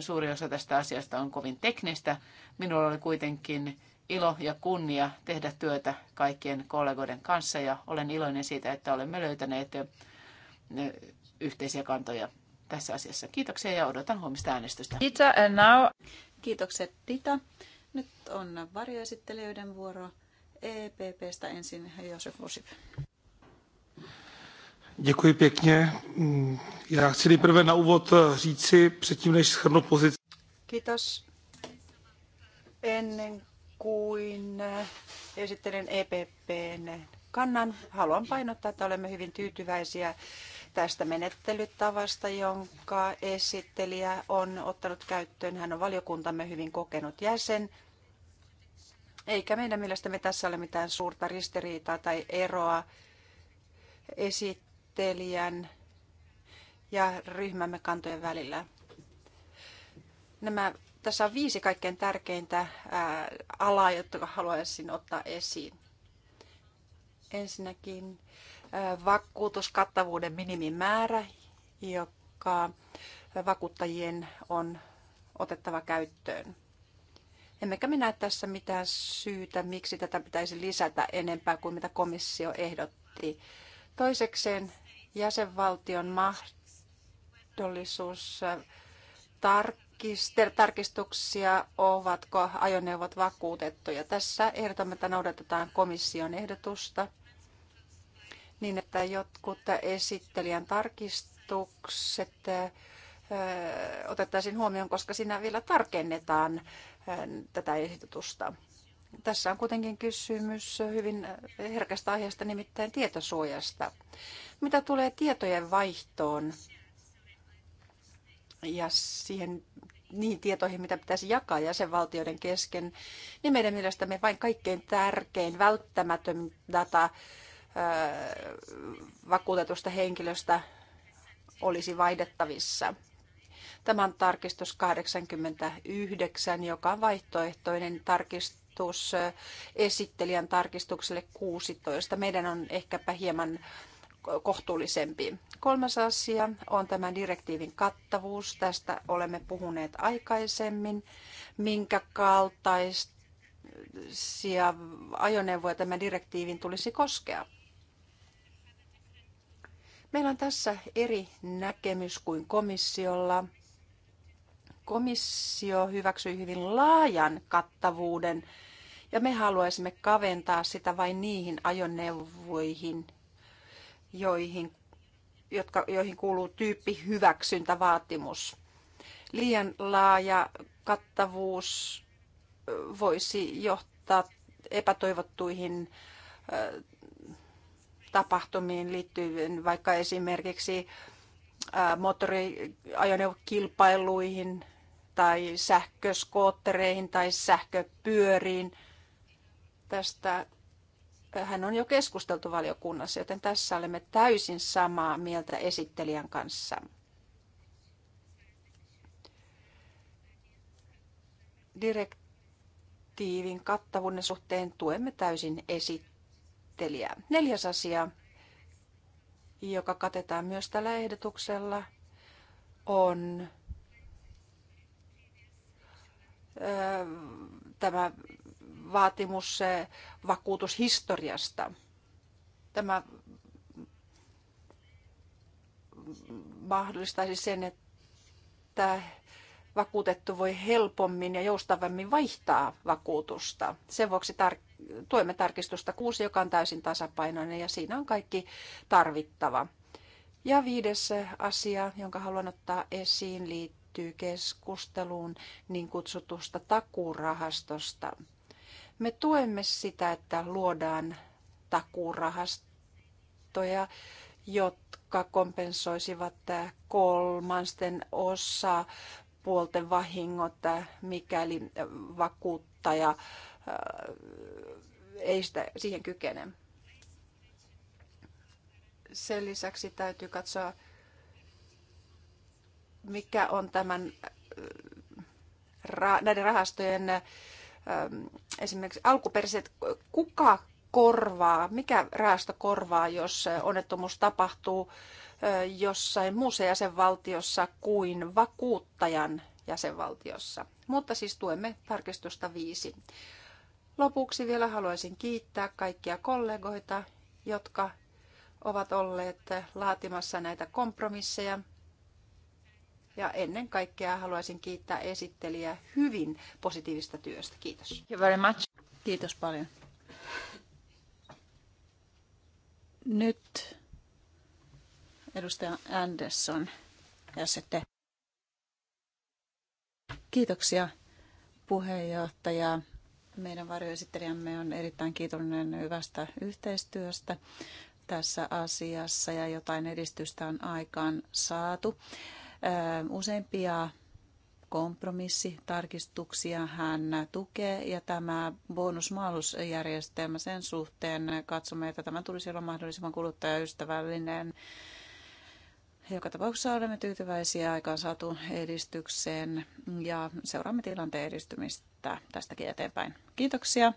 Suuri osa tästä asiasta on kovin teknistä. Minulla oli kuitenkin ilo ja kunnia tehdä työtä kaikkien kollegoiden kanssa ja olen iloinen siitä, että olemme löytäneet yhteisiä kantoja tässä asiassa. Kiitoksia ja odotan huomista äänestystä. Dita, and now... Kiitokset Dita. Nyt on varjoesittelijöiden vuoro EPPstä ensin Josef Osip. Děkuji předsedající Já chci nejprve na úvod eh, říci, předtím než shrnu pozici. Kiitos. Ennen kuin EPPn eh, e kannan, haluan painottaa, että olemme hyvin tyytyväisiä tästä menettelytavasta, jonka esittelijä on ottanut Hän on hyvin jäsen. Eikä meidän tässä ole mitään suurta tai eroa esit esittelijän ja ryhmämme kantojen välillä. Nämä, tässä on viisi kaikkein tärkeintä ää, alaa, jotka haluaisin ottaa esiin. Ensinnäkin ää, vakuutuskattavuuden minimimäärä, joka vakuuttajien on otettava käyttöön. Emmekä me näe tässä mitään syytä, miksi tätä pitäisi lisätä enempää kuin mitä komissio ehdotti. Toisekseen jäsenvaltion mahdollisuus äh, tarkistuksia, ovatko ajoneuvot vakuutettuja. Tässä ehdotamme, että noudatetaan komission ehdotusta niin, että jotkut esittelijän tarkistukset äh, otettaisiin huomioon, koska siinä vielä tarkennetaan äh, tätä ehdotusta. Tässä on kuitenkin kysymys hyvin herkästä aiheesta, nimittäin tietosuojasta. Mitä tulee tietojen vaihtoon ja siihen niihin tietoihin, mitä pitäisi jakaa jäsenvaltioiden kesken, niin meidän mielestämme vain kaikkein tärkein, välttämätön data vakuutetusta henkilöstä olisi vaihdettavissa. Tämä on tarkistus 89, joka on vaihtoehtoinen tarkistus tarkistus esittelijän tarkistukselle 16. Meidän on ehkäpä hieman kohtuullisempi. Kolmas asia on tämän direktiivin kattavuus. Tästä olemme puhuneet aikaisemmin. Minkä kaltaisia ajoneuvoja tämän direktiivin tulisi koskea? Meillä on tässä eri näkemys kuin komissiolla. Komissio hyväksyi hyvin laajan kattavuuden ja me haluaisimme kaventaa sitä vain niihin ajoneuvoihin, joihin, jotka, joihin kuuluu tyyppi hyväksyntävaatimus. Liian laaja kattavuus voisi johtaa epätoivottuihin tapahtumiin liittyen vaikka esimerkiksi moottoriajoneuvokilpailuihin tai sähköskoottereihin tai sähköpyöriin – tästä äh, hän on jo keskusteltu valiokunnassa, joten tässä olemme täysin samaa mieltä esittelijän kanssa. Direktiivin kattavuuden suhteen tuemme täysin esittelijää. Neljäs asia, joka katetaan myös tällä ehdotuksella, on äh, tämä vaatimus vakuutushistoriasta. Tämä mahdollistaisi sen, että vakuutettu voi helpommin ja joustavammin vaihtaa vakuutusta. Sen vuoksi tar- tuemme tarkistusta 6, joka on täysin tasapainoinen ja siinä on kaikki tarvittava. Ja viides asia, jonka haluan ottaa esiin, liittyy keskusteluun niin kutsutusta takurahastosta. Me tuemme sitä, että luodaan takuurahastoja, jotka kompensoisivat kolmansten osa puolten vahingot, mikäli vakuuttaja äh, ei sitä siihen kykene. Sen lisäksi täytyy katsoa, mikä on tämän, äh, näiden rahastojen esimerkiksi alkuperäiset, kuka korvaa, mikä rahasto korvaa, jos onnettomuus tapahtuu jossain muussa jäsenvaltiossa kuin vakuuttajan jäsenvaltiossa. Mutta siis tuemme tarkistusta viisi. Lopuksi vielä haluaisin kiittää kaikkia kollegoita, jotka ovat olleet laatimassa näitä kompromisseja ja ennen kaikkea haluaisin kiittää esittelijää hyvin positiivista työstä. Kiitos. Thank you very much. Kiitos paljon. Nyt edustaja Andersson ja sitten. Kiitoksia puheenjohtaja. Meidän varjoesittelijämme on erittäin kiitollinen hyvästä yhteistyöstä tässä asiassa ja jotain edistystä on aikaan saatu. Useimpia kompromissitarkistuksia hän tukee ja tämä bonusmaalusjärjestelmä sen suhteen katsomme, että tämä tulisi olla mahdollisimman kuluttajaystävällinen joka tapauksessa olemme tyytyväisiä aikaan saatu edistykseen ja seuraamme tilanteen edistymistä tästäkin eteenpäin. Kiitoksia.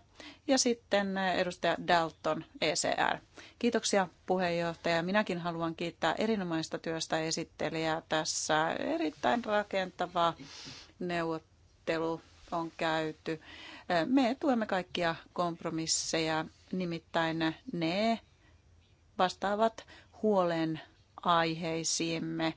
Ja sitten edustaja Dalton, ECR. Kiitoksia puheenjohtaja. Minäkin haluan kiittää erinomaista työstä esittelijää tässä. Erittäin rakentava neuvottelu on käyty. Me tuemme kaikkia kompromisseja, nimittäin ne vastaavat huolen aiheisiimme.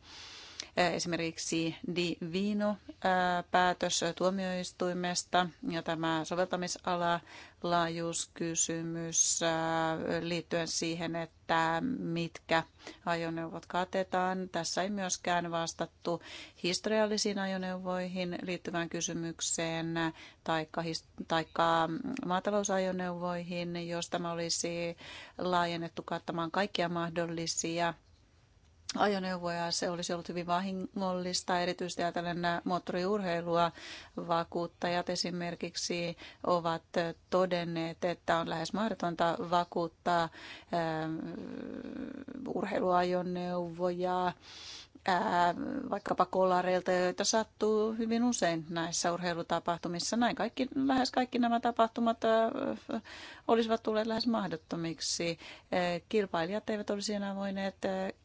Äh, esimerkiksi Di Vino-päätös äh, tuomioistuimesta ja tämä soveltamisala laajuuskysymys äh, liittyen siihen, että mitkä ajoneuvot katetaan. Tässä ei myöskään vastattu historiallisiin ajoneuvoihin liittyvään kysymykseen tai mm, maatalousajoneuvoihin, jos tämä olisi laajennettu kattamaan kaikkia mahdollisia ajoneuvoja. Se olisi ollut hyvin vahingollista, erityisesti ajatellen moottoriurheilua. Vakuuttajat esimerkiksi ovat todenneet, että on lähes mahdotonta vakuuttaa urheiluajoneuvoja Ähm, vaikkapa kolareilta, joita sattuu hyvin usein näissä urheilutapahtumissa. Näin kaikki, lähes kaikki nämä tapahtumat äh, äh, olisivat tulleet lähes mahdottomiksi. Äh, kilpailijat eivät olisi enää voineet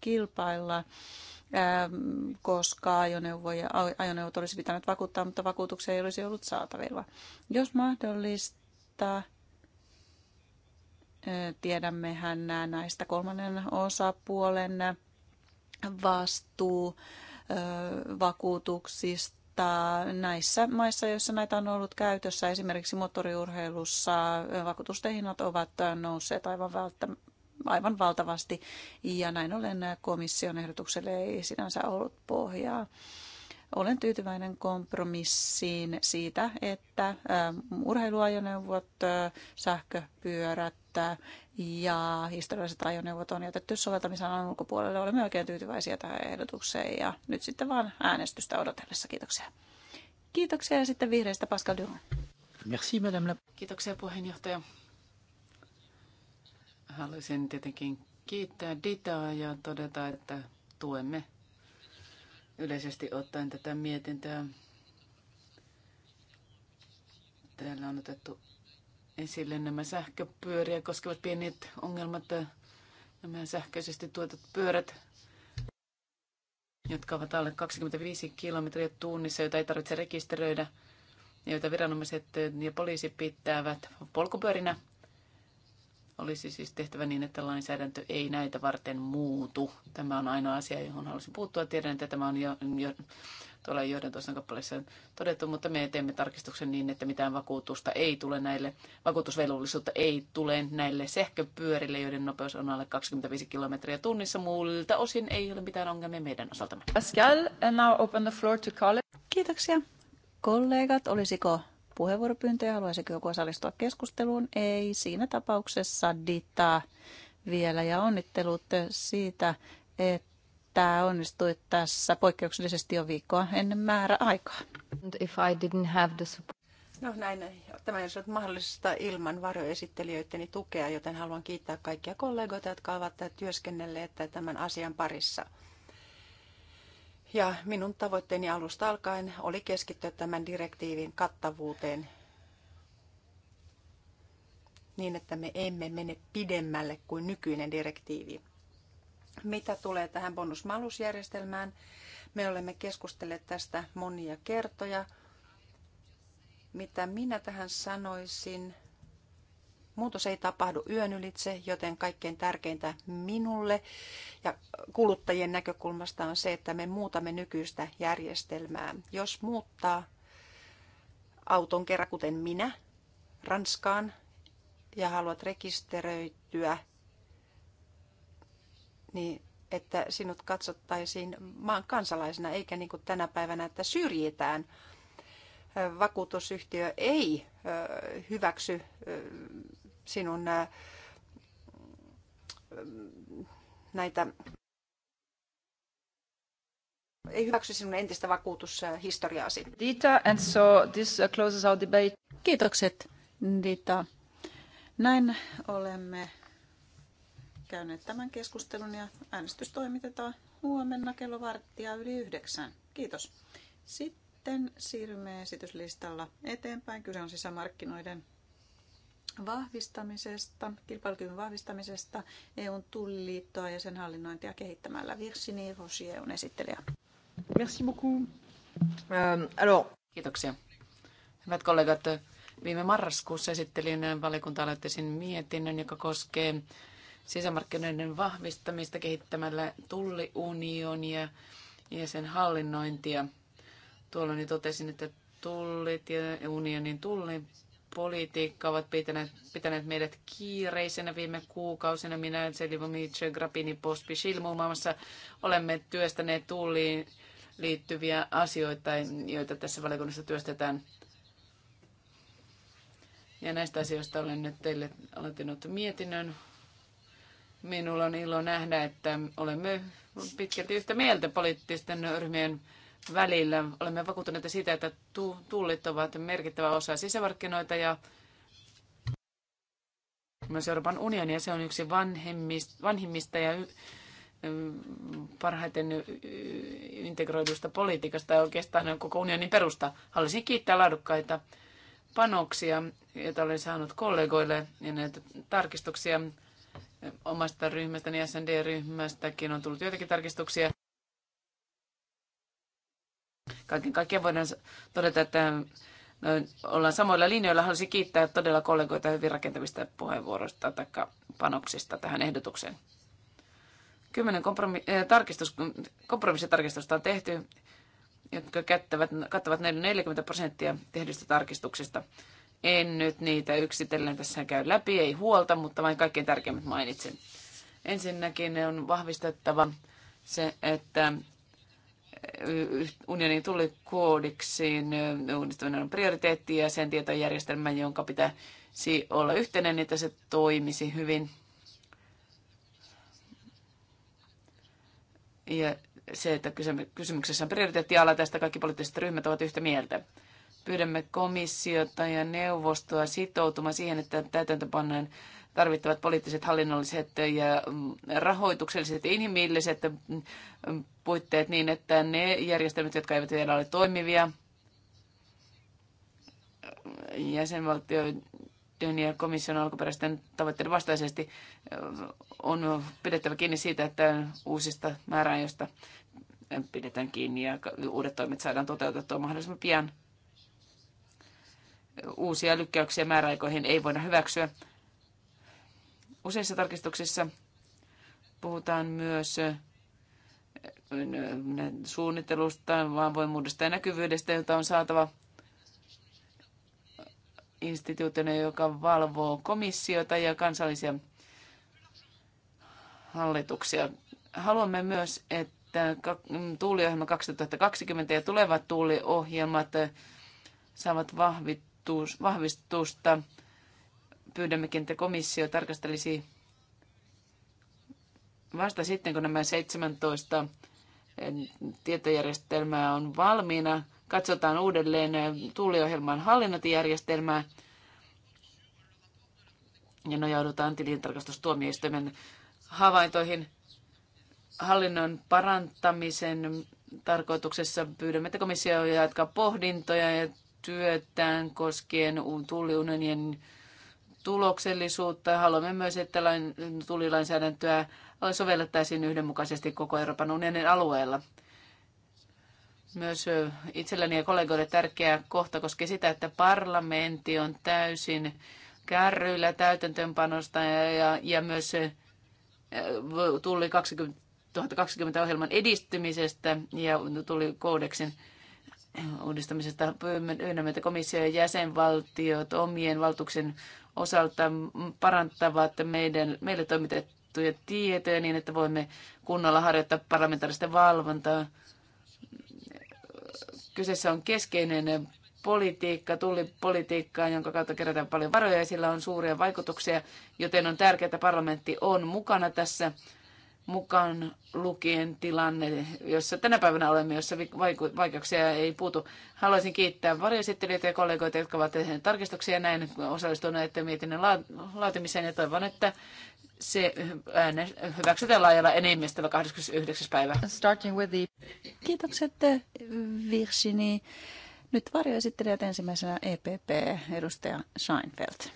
kilpailla ähm, koska ajoneuvoja, ajoneuvot olisi pitänyt vakuuttaa, mutta vakuutuksia ei olisi ollut saatavilla. Jos mahdollista, tiedämmehän näistä kolmannen osapuolen vastuu vakuutuksista näissä maissa, joissa näitä on ollut käytössä, esimerkiksi moottoriurheilussa vakuutusten hinnat ovat nousseet aivan valta, aivan valtavasti ja näin ollen komission ehdotukselle ei sinänsä ollut pohjaa. Olen tyytyväinen kompromissiin siitä, että urheiluajoneuvot, sähköpyörät ja historialliset ajoneuvot on jätetty soveltamisalan ulkopuolelle. Olemme oikein tyytyväisiä tähän ehdotukseen ja nyt sitten vaan äänestystä odotellessa. Kiitoksia. Kiitoksia ja sitten vihreistä Pascal Durand. Merci, madame la... Kiitoksia puheenjohtaja. Haluaisin tietenkin kiittää Ditaa ja todeta, että tuemme yleisesti ottaen tätä mietintää. Täällä on otettu esille nämä sähköpyöriä koskevat pienet ongelmat, nämä sähköisesti tuotetut pyörät, jotka ovat alle 25 kilometriä tunnissa, joita ei tarvitse rekisteröidä, joita viranomaiset ja poliisi pitävät polkupyörinä olisi siis tehtävä niin, että lainsäädäntö ei näitä varten muutu. Tämä on ainoa asia, johon halusin puuttua. Tiedän, että tämä on jo, jo tuolla johdantosan kappaleessa todettu, mutta me teemme tarkistuksen niin, että mitään vakuutusta ei tule näille, vakuutusvelvollisuutta ei tule näille sähköpyörille, joiden nopeus on alle 25 kilometriä tunnissa. Muilta osin ei ole mitään ongelmia meidän osaltamme. Pascal, and now open the floor to Kiitoksia. Kollegat, olisiko puheenvuoropyyntöjä. Haluaisiko joku osallistua keskusteluun? Ei. Siinä tapauksessa Dita vielä ja onnittelut siitä, että onnistui tässä poikkeuksellisesti jo viikkoa ennen määrä aikaa. If I didn't have the support... No näin, tämä ei ollut mahdollista ilman varjoesittelijöitteni tukea, joten haluan kiittää kaikkia kollegoita, jotka ovat työskennelleet tämän asian parissa. Ja minun tavoitteeni alusta alkaen oli keskittyä tämän direktiivin kattavuuteen niin, että me emme mene pidemmälle kuin nykyinen direktiivi. Mitä tulee tähän bonusmalusjärjestelmään, me olemme keskustelleet tästä monia kertoja. Mitä minä tähän sanoisin? Muutos ei tapahdu yön ylitse, joten kaikkein tärkeintä minulle ja kuluttajien näkökulmasta on se, että me muutamme nykyistä järjestelmää. Jos muuttaa auton kerran, kuten minä, Ranskaan ja haluat rekisteröityä, niin että sinut katsottaisiin maan kansalaisena, eikä niin kuin tänä päivänä, että syrjitään. Vakuutusyhtiö ei hyväksy sinun äh, näitä ei hyväksy sinun entistä vakuutushistoriaasi. Dita, and so this uh, closes our debate. Kiitokset, Dita. Näin olemme käyneet tämän keskustelun ja äänestys toimitetaan huomenna kello varttia yli yhdeksän. Kiitos. Sitten siirrymme esityslistalla eteenpäin. Kyse on sisämarkkinoiden vahvistamisesta, kilpailukyvyn vahvistamisesta, EUn tulliliittoa ja sen hallinnointia kehittämällä. Virginie Rogier on esittelijä. Merci beaucoup. Ähm, alors. Kiitoksia. Hyvät kollegat, viime marraskuussa esittelin valiokunta aloitteisin mietinnön, joka koskee sisämarkkinoiden vahvistamista kehittämällä tulliunionia ja sen hallinnointia. Tuolloin totesin, että tullit ja unionin tulli politiikka ovat pitäneet, pitäneet meidät kiireisenä viime kuukausina. Minä, Selivomice, Grappini, Pospisil muun muassa olemme työstäneet tulliin liittyviä asioita, joita tässä valiokunnassa työstetään. Ja näistä asioista olen nyt teille aloittanut mietinnön. Minulla on ilo nähdä, että olemme pitkälti yhtä mieltä poliittisten ryhmien välillä. Olemme vakuuttuneita siitä, että tullit ovat merkittävä osa sisämarkkinoita ja myös Euroopan unionia. Se on yksi vanhimmista ja parhaiten integroidusta politiikasta ja oikeastaan koko unionin perusta. Haluaisin kiittää laadukkaita panoksia, joita olen saanut kollegoille ja näitä tarkistuksia omasta ryhmästäni, SND-ryhmästäkin on tullut joitakin tarkistuksia. Kaiken kaikkiaan voidaan todeta, että ollaan samoilla linjoilla. Haluaisin kiittää todella kollegoita hyvin rakentavista puheenvuoroista tai panoksista tähän ehdotukseen. Kymmenen kompromi- äh, tarkistus, kompromissitarkistusta on tehty, jotka kattavat, kattavat 40 prosenttia tehdyistä tarkistuksista. En nyt niitä yksitellen tässä käy läpi, ei huolta, mutta vain kaikkein tärkeimmät mainitsen. Ensinnäkin on vahvistettava se, että unionin tullikoodiksiin uudistaminen on prioriteetti ja sen tietojärjestelmän, jonka pitäisi olla yhteinen, niin että se toimisi hyvin. Ja se, että kysymyksessä on prioriteettiala, tästä kaikki poliittiset ryhmät ovat yhtä mieltä. Pyydämme komissiota ja neuvostoa sitoutumaan siihen, että täytäntöpannaan tarvittavat poliittiset, hallinnolliset ja mm, rahoitukselliset ja inhimilliset mm, puitteet niin, että ne järjestelmät, jotka eivät vielä ole toimivia, jäsenvaltioiden ja komission alkuperäisten tavoitteiden vastaisesti mm, on pidettävä kiinni siitä, että uusista määräajoista pidetään kiinni ja uudet toimet saadaan toteutettua mahdollisimman pian. Uusia lykkäyksiä määräaikoihin ei voida hyväksyä. Useissa tarkistuksissa puhutaan myös suunnittelusta, vaanvoimuudesta ja näkyvyydestä, jota on saatava instituutiona, joka valvoo komissiota ja kansallisia hallituksia. Haluamme myös, että tuuliohjelma 2020 ja tulevat tuuliohjelmat saavat vahvistusta pyydämmekin, että komissio tarkastelisi vasta sitten, kun nämä 17 eh, tietojärjestelmää on valmiina. Katsotaan uudelleen eh, tuuliohjelman hallinnointijärjestelmää ja nojaudutaan tilintarkastustuomioistuimen havaintoihin hallinnon parantamisen tarkoituksessa pyydämme, että komissio jatkaa pohdintoja ja työtään koskien tulliunionien tuloksellisuutta. Haluamme myös, että tulilainsäädäntöä sovellettaisiin yhdenmukaisesti koko Euroopan unionin alueella. Myös itselleni ja kollegoille tärkeä kohta koskee sitä, että parlamentti on täysin kärryillä täytäntöönpanosta ja, ja, ja myös tuli 20, 2020 ohjelman edistymisestä ja tuli koodeksin uudistamisesta pyydämme, että komissio jäsenvaltiot omien valtuuksien osalta parantavat meidän, meille toimitettuja tietoja niin, että voimme kunnolla harjoittaa parlamentaarista valvontaa. Kyseessä on keskeinen politiikka, tullipolitiikkaa, jonka kautta kerätään paljon varoja ja sillä on suuria vaikutuksia, joten on tärkeää, että parlamentti on mukana tässä mukaan lukien tilanne, jossa tänä päivänä olemme, jossa vaikeuksia ei puutu. Haluaisin kiittää varjoesittelijöitä ja kollegoita, jotka ovat tehneet tarkistuksia näin osallistuneet mietinnön laatimiseen ja toivon, että se hyväksytään laajalla enemmistöllä 29. päivä. Starting with the... Kiitokset Virginie. Nyt varjoesittelijät ensimmäisenä EPP, edustaja Scheinfeld.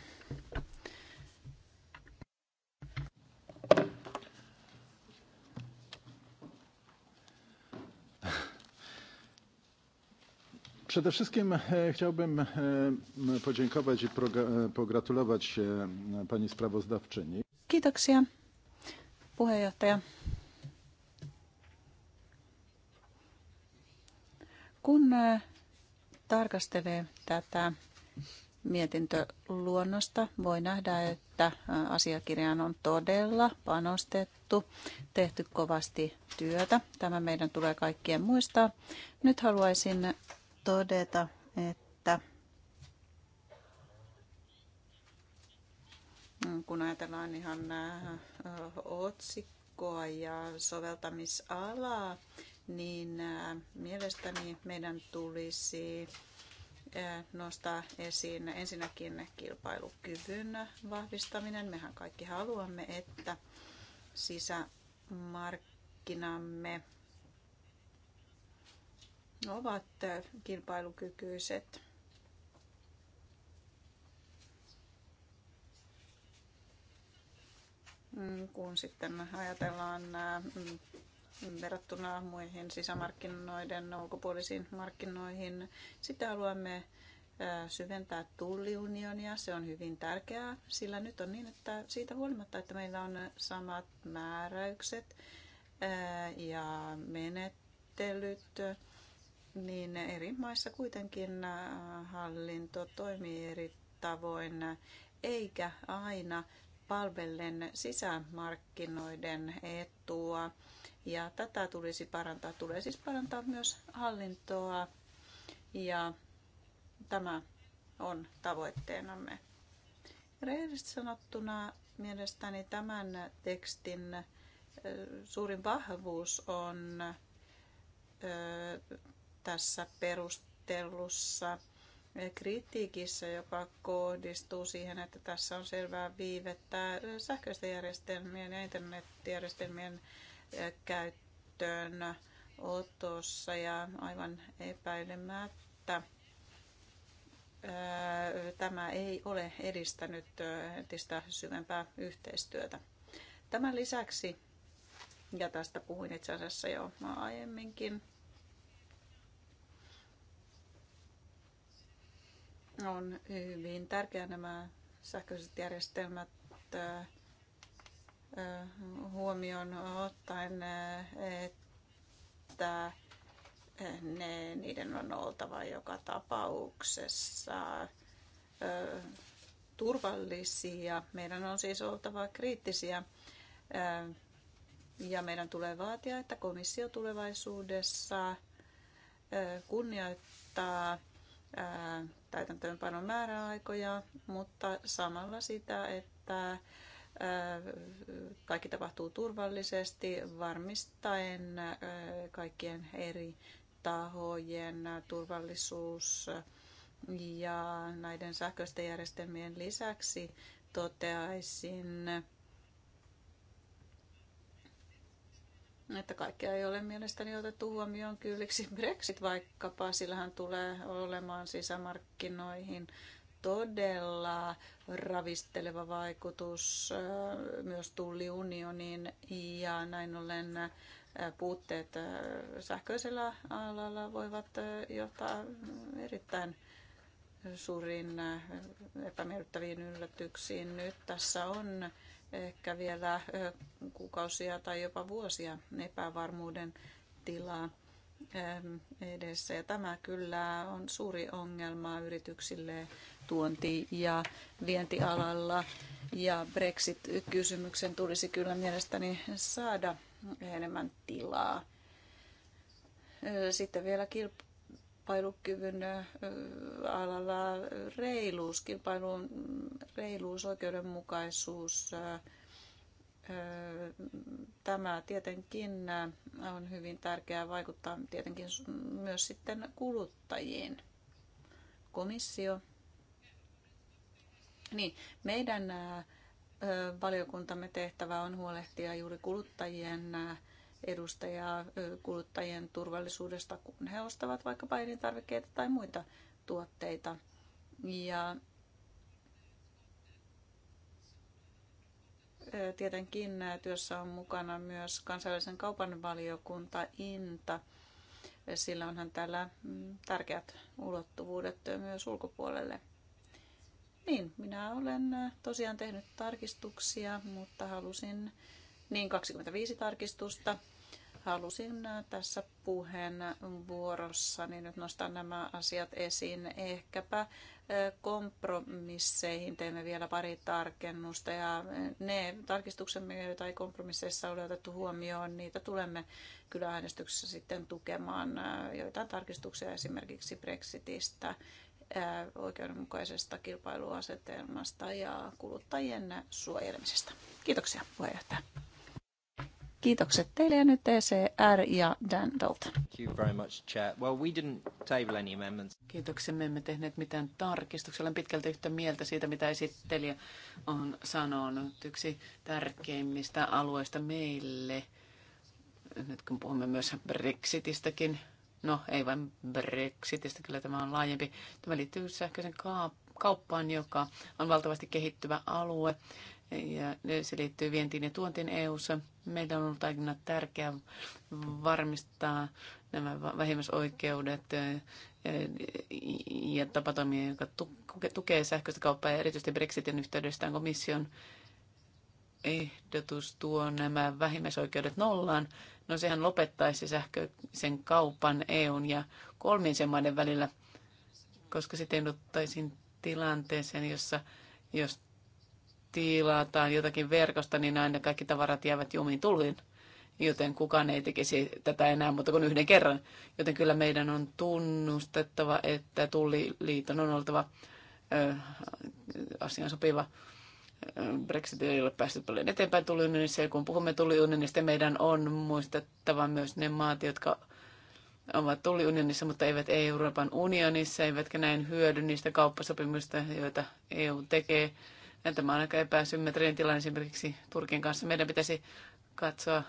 Przede wszystkim e, chciałbym e, podziękować i e, pogratulować pani sprawozdawczyni. Kiitoksia puheenjohtaja. Kun tarkastelee tätä mietintöluonnosta, voi nähdä, että asiakirjaan on todella panostettu, tehty kovasti työtä. Tämä meidän tulee kaikkien muistaa. Nyt haluaisin todeta, että kun ajatellaan ihan äh, otsikkoa ja soveltamisalaa, niin äh, mielestäni meidän tulisi äh, nostaa esiin ensinnäkin kilpailukyvyn vahvistaminen. Mehän kaikki haluamme, että sisämarkkinamme ovat kilpailukykyiset. Mm, kun sitten ajatellaan mm, verrattuna muihin sisämarkkinoiden ulkopuolisiin markkinoihin, sitä haluamme syventää tulliunionia. Se on hyvin tärkeää, sillä nyt on niin, että siitä huolimatta, että meillä on samat määräykset ja menettelyt, niin eri maissa kuitenkin äh, hallinto toimii eri tavoin, eikä aina palvellen sisämarkkinoiden etua. Ja tätä tulisi parantaa. Tulee siis parantaa myös hallintoa ja tämä on tavoitteenamme. Rehellisesti sanottuna mielestäni tämän tekstin äh, suurin vahvuus on äh, tässä perustellussa kritiikissä, joka kohdistuu siihen, että tässä on selvää viivettä sähköisten järjestelmien ja internetjärjestelmien eh, käyttöön otossa ja aivan epäilemättä eh, tämä ei ole edistänyt eh, entistä syvempää yhteistyötä. Tämän lisäksi, ja tästä puhuin itse asiassa jo aiemminkin, on hyvin tärkeää nämä sähköiset järjestelmät huomioon ottaen, että ne, niiden on oltava joka tapauksessa turvallisia. Meidän on siis oltava kriittisiä ja meidän tulee vaatia, että komissio tulevaisuudessa kunnioittaa täytäntöönpanon määräaikoja, mutta samalla sitä, että kaikki tapahtuu turvallisesti varmistaen kaikkien eri tahojen turvallisuus ja näiden sähköisten järjestelmien lisäksi toteaisin että kaikkea ei ole mielestäni otettu huomioon kylliksi. Brexit vaikkapa, sillähän tulee olemaan sisämarkkinoihin todella ravisteleva vaikutus äh, myös tulliunioniin ja näin ollen äh, puutteet äh, sähköisellä alalla voivat johtaa erittäin suurin epämiellyttäviin yllätyksiin. Nyt tässä on ehkä vielä kuukausia tai jopa vuosia epävarmuuden tilaa ähm, edessä. Ja tämä kyllä on suuri ongelma yrityksille tuonti- ja vientialalla. Ja Brexit-kysymyksen tulisi kyllä mielestäni saada enemmän tilaa. Sitten vielä kilp- kilpailukyvyn alalla reiluus, kilpailun reiluus, oikeudenmukaisuus, tämä tietenkin on hyvin tärkeää vaikuttaa tietenkin myös sitten kuluttajiin. Komissio. Niin, meidän valiokuntamme tehtävä on huolehtia juuri kuluttajien edustajaa kuluttajien turvallisuudesta, kun he ostavat vaikkapa elintarvikkeita tai muita tuotteita. Ja tietenkin työssä on mukana myös kansainvälisen kaupan valiokunta INTA. Sillä onhan täällä mm, tärkeät ulottuvuudet myös ulkopuolelle. Niin, minä olen tosiaan tehnyt tarkistuksia, mutta halusin niin 25 tarkistusta halusin äh, tässä puheenvuorossa niin nyt nostaa nämä asiat esiin. Ehkäpä äh, kompromisseihin teemme vielä pari tarkennusta ja äh, ne tarkistuksen myötä tai kompromisseissa ole otettu huomioon, niitä tulemme kyllä äänestyksessä sitten tukemaan. Joitain tarkistuksia esimerkiksi Brexitistä, oikeudenmukaisesta kilpailuasetelmasta ja kuluttajien suojelemisesta. Kiitoksia puheenjohtaja. Kiitokset teille ja nyt ECR ja Dan Dalton. Kiitoksia, me emme tehneet mitään tarkistuksia. Olen pitkälti yhtä mieltä siitä, mitä esittelijä on sanonut. Yksi tärkeimmistä alueista meille, nyt kun puhumme myös Brexitistäkin, no ei vain Brexitistä, kyllä tämä on laajempi. Tämä liittyy sähköisen kauppaan, joka on valtavasti kehittyvä alue ja se liittyy vientiin ja tuontiin EU-ssa meidän on ollut aina tärkeää varmistaa nämä vähimmäisoikeudet ja tapatomia, jotka tukee sähköistä kauppaa ja erityisesti Brexitin yhteydessä komission ehdotus tuo nämä vähimmäisoikeudet nollaan. No sehän lopettaisi sähköisen kaupan EUn ja kolmisen maiden välillä, koska sitten jouduttaisiin tilanteeseen, jossa jos tilataan jotakin verkosta, niin aina kaikki tavarat jäävät jumiin tulhin, joten kukaan ei tekisi tätä enää muuta kuin yhden kerran. Joten kyllä meidän on tunnustettava, että Tulliliiton on oltava ö, asian sopiva. Brexit ei ole päässyt paljon eteenpäin tulliunionissa, ja kun puhumme tulliunionista, meidän on muistettava myös ne maat, jotka ovat tulliunionissa, mutta eivät Euroopan unionissa, eivätkä näin hyödy niistä kauppasopimuksista, joita EU tekee Tämä on aika epäsymmetrinen tilanne esimerkiksi Turkin kanssa. Meidän pitäisi katsoa,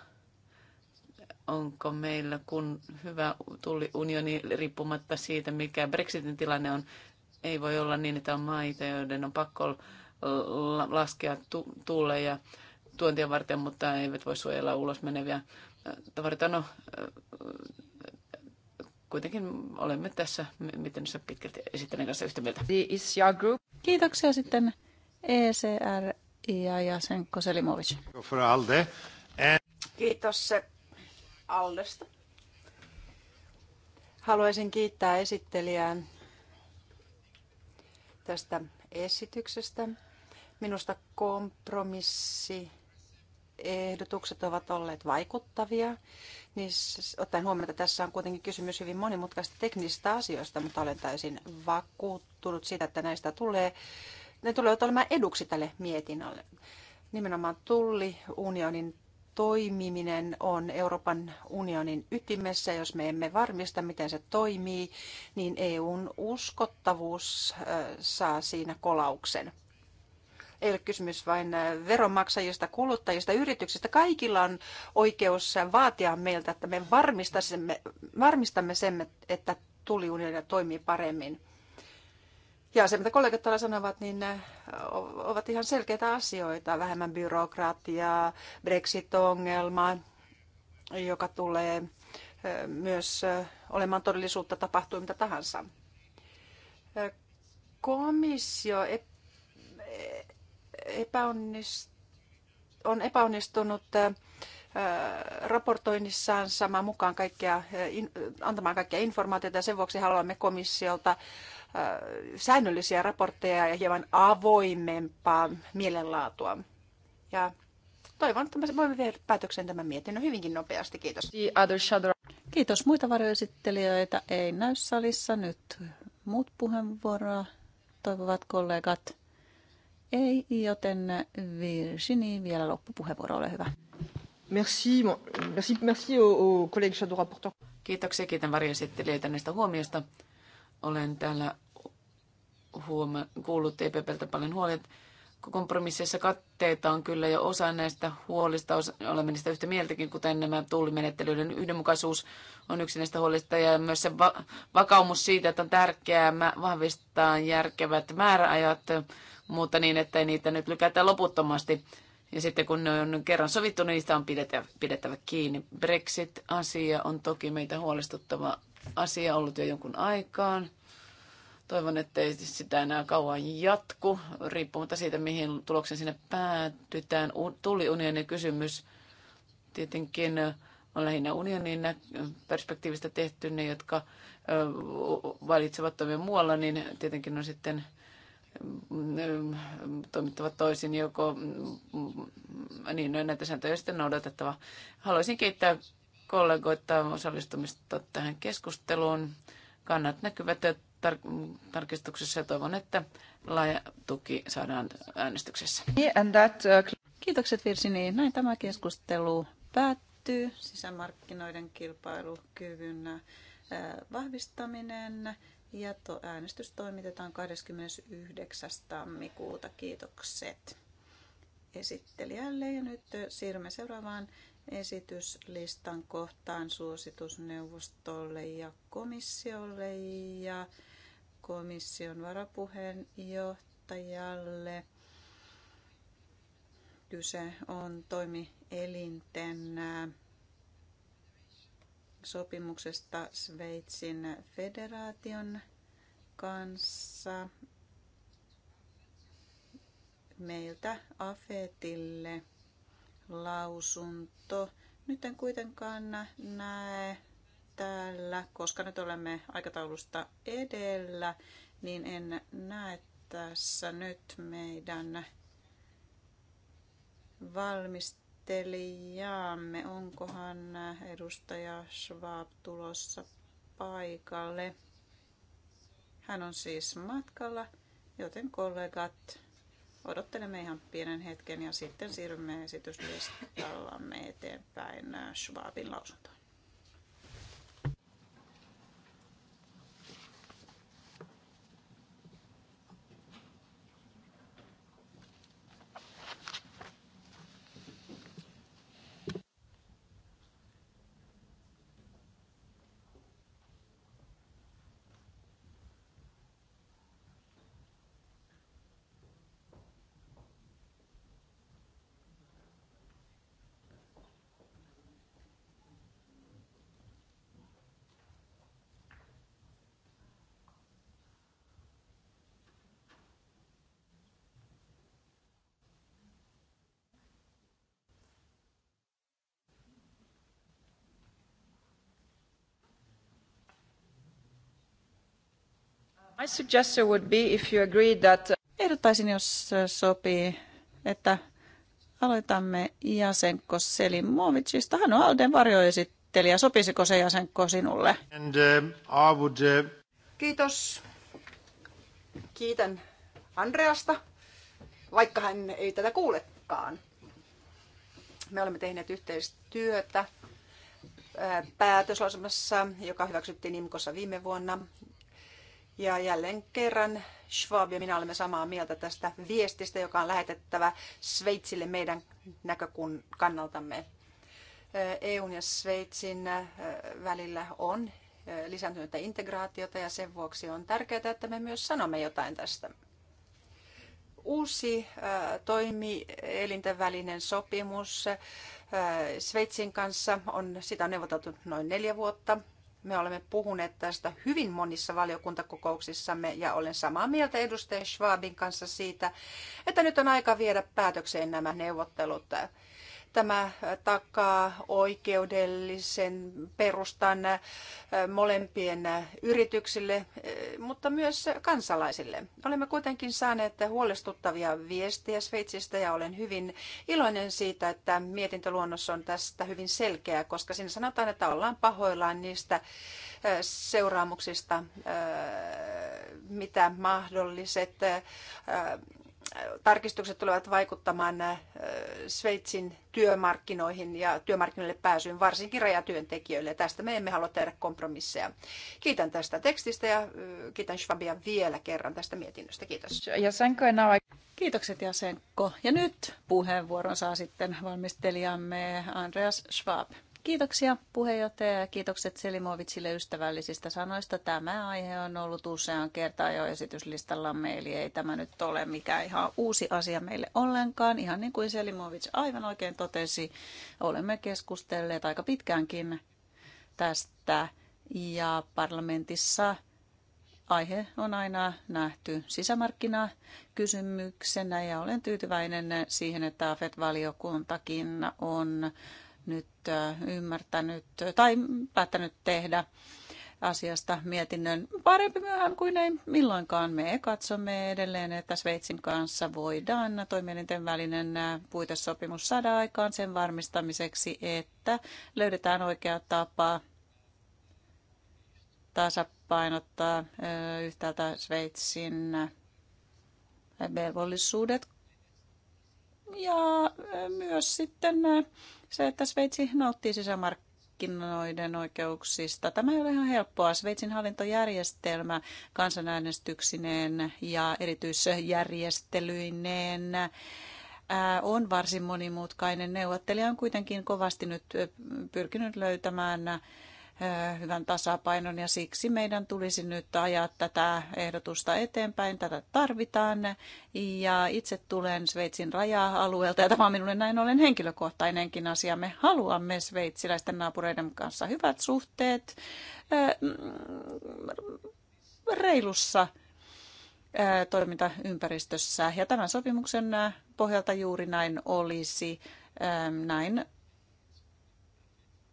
onko meillä kun hyvä tuli unioni riippumatta siitä, mikä Brexitin tilanne on. Ei voi olla niin, että on maita, joiden on pakko laskea ja tuontia varten, mutta eivät voi suojella ulos meneviä äh, tavaroita. No, äh, kuitenkin olemme tässä miten se pitkälti esittelen kanssa yhtä mieltä. Kiitoksia sitten ECR ja jäsen Koselimovic. Eh, Kiitos Aldesta. Haluaisin kiittää esittelijää tästä esityksestä. Minusta kompromissi ehdotukset ovat olleet vaikuttavia. Niin ottaen huomioon, että tässä on kuitenkin kysymys hyvin monimutkaista teknisistä asioista, mutta olen täysin vakuuttunut siitä, että näistä tulee ne tulevat olemaan eduksi tälle mietinnälle. Nimenomaan tulliunionin toimiminen on Euroopan unionin ytimessä. Jos me emme varmista, miten se toimii, niin EUn uskottavuus saa siinä kolauksen. Ei ole kysymys vain veronmaksajista, kuluttajista, yrityksistä. Kaikilla on oikeus vaatia meiltä, että me varmistamme sen, että tuliunionia toimii paremmin. Ja se, mitä kollegat täällä sanovat, niin äh, ovat ihan selkeitä asioita. Vähemmän byrokratiaa, Brexit-ongelma, joka tulee äh, myös äh, olemaan todellisuutta, tapahtuu mitä tahansa. Komissio on epäonnistunut raportoinnissaan samaan mukaan kaikkea, antamaan kaikkia informaatiota ja sen vuoksi haluamme komissiolta säännöllisiä raportteja ja hieman avoimempaa mielenlaatua. Ja toivon, että me voimme tehdä päätöksen tämän mietinnön hyvinkin nopeasti. Kiitos. Kiitos. Muita varjoesittelijöitä ei näy salissa. Nyt muut puheenvuoroa toivovat kollegat. Ei, joten Virginie, vielä loppupuheenvuoro, ole hyvä. Merci, merci, merci au, au shadow Kiitoksia, kiitän varjoesittelijöitä näistä huomioista. Olen täällä huoma- kuullut EPPltä paljon huolia. Kompromisseissa katteita on kyllä jo osa näistä huolista, olemme niistä yhtä mieltäkin, kuten nämä tullimenettelyiden yhdenmukaisuus on yksi näistä huolista ja myös se va- vakaumus siitä, että on tärkeää vahvistaa järkevät määräajat, mutta niin, että ei niitä nyt lykätä loputtomasti. Ja sitten kun ne on kerran sovittu, niin niistä on pidetä, pidettävä kiinni. Brexit-asia on toki meitä huolestuttava asia ollut jo jonkun aikaan. Toivon, että ei siis sitä enää kauan jatku, riippumatta siitä, mihin tulokseen sinne päätytään. unionin kysymys tietenkin on lähinnä unionin perspektiivistä tehty. Ne, jotka valitsevat toimia muualla, niin tietenkin on sitten mm, toimittavat toisin, joko mm, niin, no, näitä sääntöjä sitten noudatettava. Haluaisin kiittää kollegoita osallistumista tähän keskusteluun. Kannat näkyvät tar- tarkistuksessa ja toivon, että laaja tuki saadaan äänestyksessä. Uh, Kiitokset Virsini. Niin, näin tämä keskustelu päättyy. Sisämarkkinoiden kilpailukyvyn äh, vahvistaminen ja to- äänestys toimitetaan 29. tammikuuta. Kiitokset esittelijälle ja nyt äh, siirrymme seuraavaan esityslistan kohtaan suositusneuvostolle ja komissiolle ja komission varapuheenjohtajalle. Kyse on toimielinten äh, sopimuksesta Sveitsin federaation kanssa meiltä AFETille – lausunto. Nyt en kuitenkaan näe täällä, koska nyt olemme aikataulusta edellä, niin en näe tässä nyt meidän valmistelijaamme. Onkohan edustaja Schwab tulossa paikalle? Hän on siis matkalla, joten kollegat, Odottelemme ihan pienen hetken ja sitten siirrymme esityslistallamme eteenpäin äh, Schwabin lausuntoon. I would be if you agree that... Uh, Ehdottaisin, jos äh, sopii, että aloitamme Jasenko Selimovicista. Hän on Alden varjoesittelijä. Sopisiko se Jasenko sinulle? And, uh, I would, uh... Kiitos. Kiitän Andreasta, vaikka hän ei tätä kuulekaan. Me olemme tehneet yhteistyötä äh, päätöslausumassa, joka hyväksyttiin Imkossa viime vuonna. Ja jälleen kerran Schwab ja minä olemme samaa mieltä tästä viestistä, joka on lähetettävä Sveitsille meidän näkökannaltamme. EUn ja Sveitsin välillä on lisääntynyttä integraatiota ja sen vuoksi on tärkeää, että me myös sanomme jotain tästä. Uusi toimielinten välinen sopimus Sveitsin kanssa on, sitä neuvoteltu noin neljä vuotta me olemme puhuneet tästä hyvin monissa valiokuntakokouksissamme ja olen samaa mieltä edustaja Schwabin kanssa siitä, että nyt on aika viedä päätökseen nämä neuvottelut. Tämä takaa oikeudellisen perustan äh, molempien äh, yrityksille, äh, mutta myös kansalaisille. Olemme kuitenkin saaneet huolestuttavia viestejä Sveitsistä ja olen hyvin iloinen siitä, että mietintöluonnos on tästä hyvin selkeä, koska siinä sanotaan, että ollaan pahoillaan niistä seuraamuksista, mitä mahdolliset tarkistukset tulevat vaikuttamaan äh, Sveitsin työmarkkinoihin ja työmarkkinoille pääsyyn, varsinkin rajatyöntekijöille. Tästä me emme halua tehdä kompromisseja. Kiitän tästä tekstistä ja äh, kiitän Schwabia vielä kerran tästä mietinnöstä. Kiitos. Jasenko enää... Kiitokset Jasenko. Ja nyt puheenvuoron saa sitten valmistelijamme Andreas Schwab. Kiitoksia puheenjohtaja ja kiitokset Selimovitsille ystävällisistä sanoista. Tämä aihe on ollut useaan kertaan jo esityslistallamme, eli ei tämä nyt ole mikään ihan uusi asia meille ollenkaan. Ihan niin kuin Selimovic aivan oikein totesi, olemme keskustelleet aika pitkäänkin tästä ja parlamentissa aihe on aina nähty sisämarkkinakysymyksenä ja olen tyytyväinen siihen, että AFET-valiokuntakin on nyt äh, ymmärtänyt tai päättänyt tehdä asiasta mietinnön. Parempi myöhään kuin ei milloinkaan. Me katsomme edelleen, että Sveitsin kanssa voidaan toimielinten välinen äh, puitesopimus saada aikaan sen varmistamiseksi, että löydetään oikea tapa tasapainottaa äh, yhtäältä Sveitsin velvollisuudet ja myös sitten se, että Sveitsi nauttii sisämarkkinoiden oikeuksista. Tämä ei ole ihan helppoa. Sveitsin hallintojärjestelmä kansanäänestyksineen ja erityisjärjestelyineen äh, on varsin monimutkainen. Neuvottelija on kuitenkin kovasti nyt äh, pyrkinyt löytämään Eh, hyvän tasapainon ja siksi meidän tulisi nyt ajaa tätä ehdotusta eteenpäin. Tätä tarvitaan ja itse tulen Sveitsin raja-alueelta ja tämä on minulle näin ollen henkilökohtainenkin asia. Me haluamme sveitsiläisten naapureiden kanssa hyvät suhteet eh, reilussa eh, toimintaympäristössä. Ja tämän sopimuksen pohjalta juuri näin olisi. Näin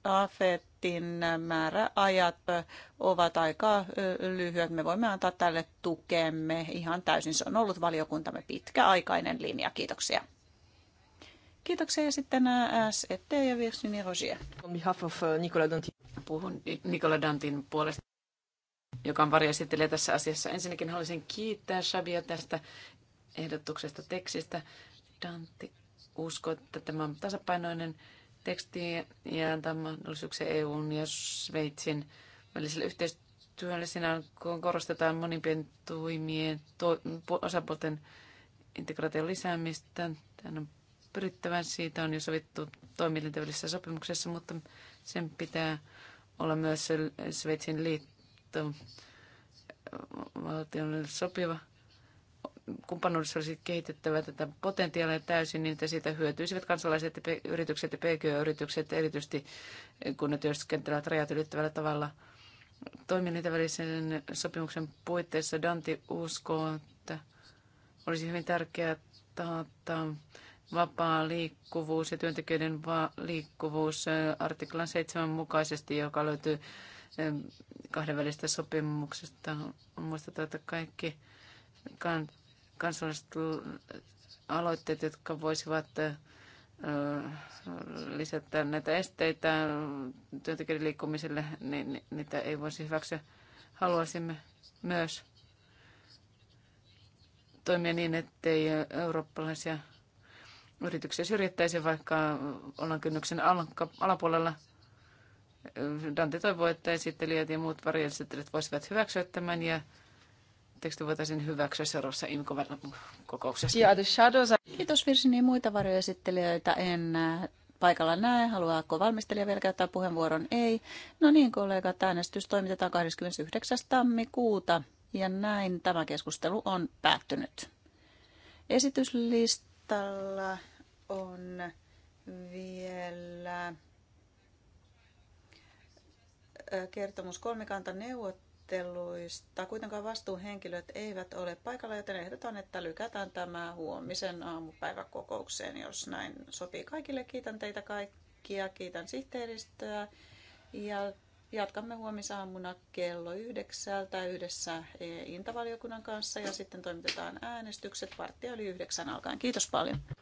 AFETin määräajat ovat aika lyhyet. Me voimme antaa tälle tukemme ihan täysin. Se on ollut valiokuntamme pitkäaikainen linja. Kiitoksia. Kiitoksia ja sitten SET ja Virginie Rogier. On behalf of Nicola Dantin. Puhun Nicola Dantin puolesta, joka on varjoesittelijä tässä asiassa. Ensinnäkin haluaisin kiittää Shabia tästä ehdotuksesta tekstistä. Dantti usko, että tämä on tasapainoinen tekstiin ja antaa mahdollisuuksia EUn ja Sveitsin välisellä yhteistyöllä Siinä korostetaan monimpien toimien to, osapuolten integraation lisäämistä. Tämän on pyrittävän. Siitä on jo sovittu toimielintävälisessä sopimuksessa, mutta sen pitää olla myös Sveitsin liitto valtiolle sopiva – kumppanuudessa olisi kehitettävä tätä potentiaalia täysin niin, että siitä hyötyisivät kansalaiset ja yritykset ja PK-yritykset, erityisesti eh, kun ne työskentelevät rajat ylittävällä tavalla toimijoiden välisen sopimuksen puitteissa. Danti uskoo, että olisi hyvin tärkeää taata vapaa liikkuvuus ja työntekijöiden va- liikkuvuus eh, artiklan 7 mukaisesti, joka löytyy eh, kahdenvälistä sopimuksesta. On että kaikki kansalliset aloitteet, jotka voisivat lisätä näitä esteitä työntekijöiden liikkumiselle, niin niitä ei voisi hyväksyä. Haluaisimme myös toimia niin, ettei eurooppalaisia yrityksiä syrjittäisi, vaikka ollaan kynnyksen alapuolella. Dante toivoo, että esittelijät ja muut varjoesittelijät voisivat hyväksyä tämän ja teksti voitaisiin hyväksyä seuraavassa IMCO-kokouksessa. Kiitos the shadows are... Kiitos Virsinia muita varjoesittelijöitä. En äh, paikalla näe. Haluaako valmistelija vielä käyttää puheenvuoron? Ei. No niin, kollegat, äänestys toimitetaan 29. tammikuuta. Ja näin tämä keskustelu on päättynyt. Esityslistalla on vielä äh, kertomus kolmikantaneuvotteluista neuvotteluista. Kuitenkaan vastuuhenkilöt eivät ole paikalla, joten ehdotan, että lykätään tämä huomisen aamupäiväkokoukseen, jos näin sopii kaikille. Kiitän teitä kaikkia, kiitän sihteeristöä ja jatkamme huomisaamuna kello yhdeksältä yhdessä Intavaliokunnan kanssa ja sitten toimitetaan äänestykset varttia yli yhdeksän alkaen. Kiitos paljon.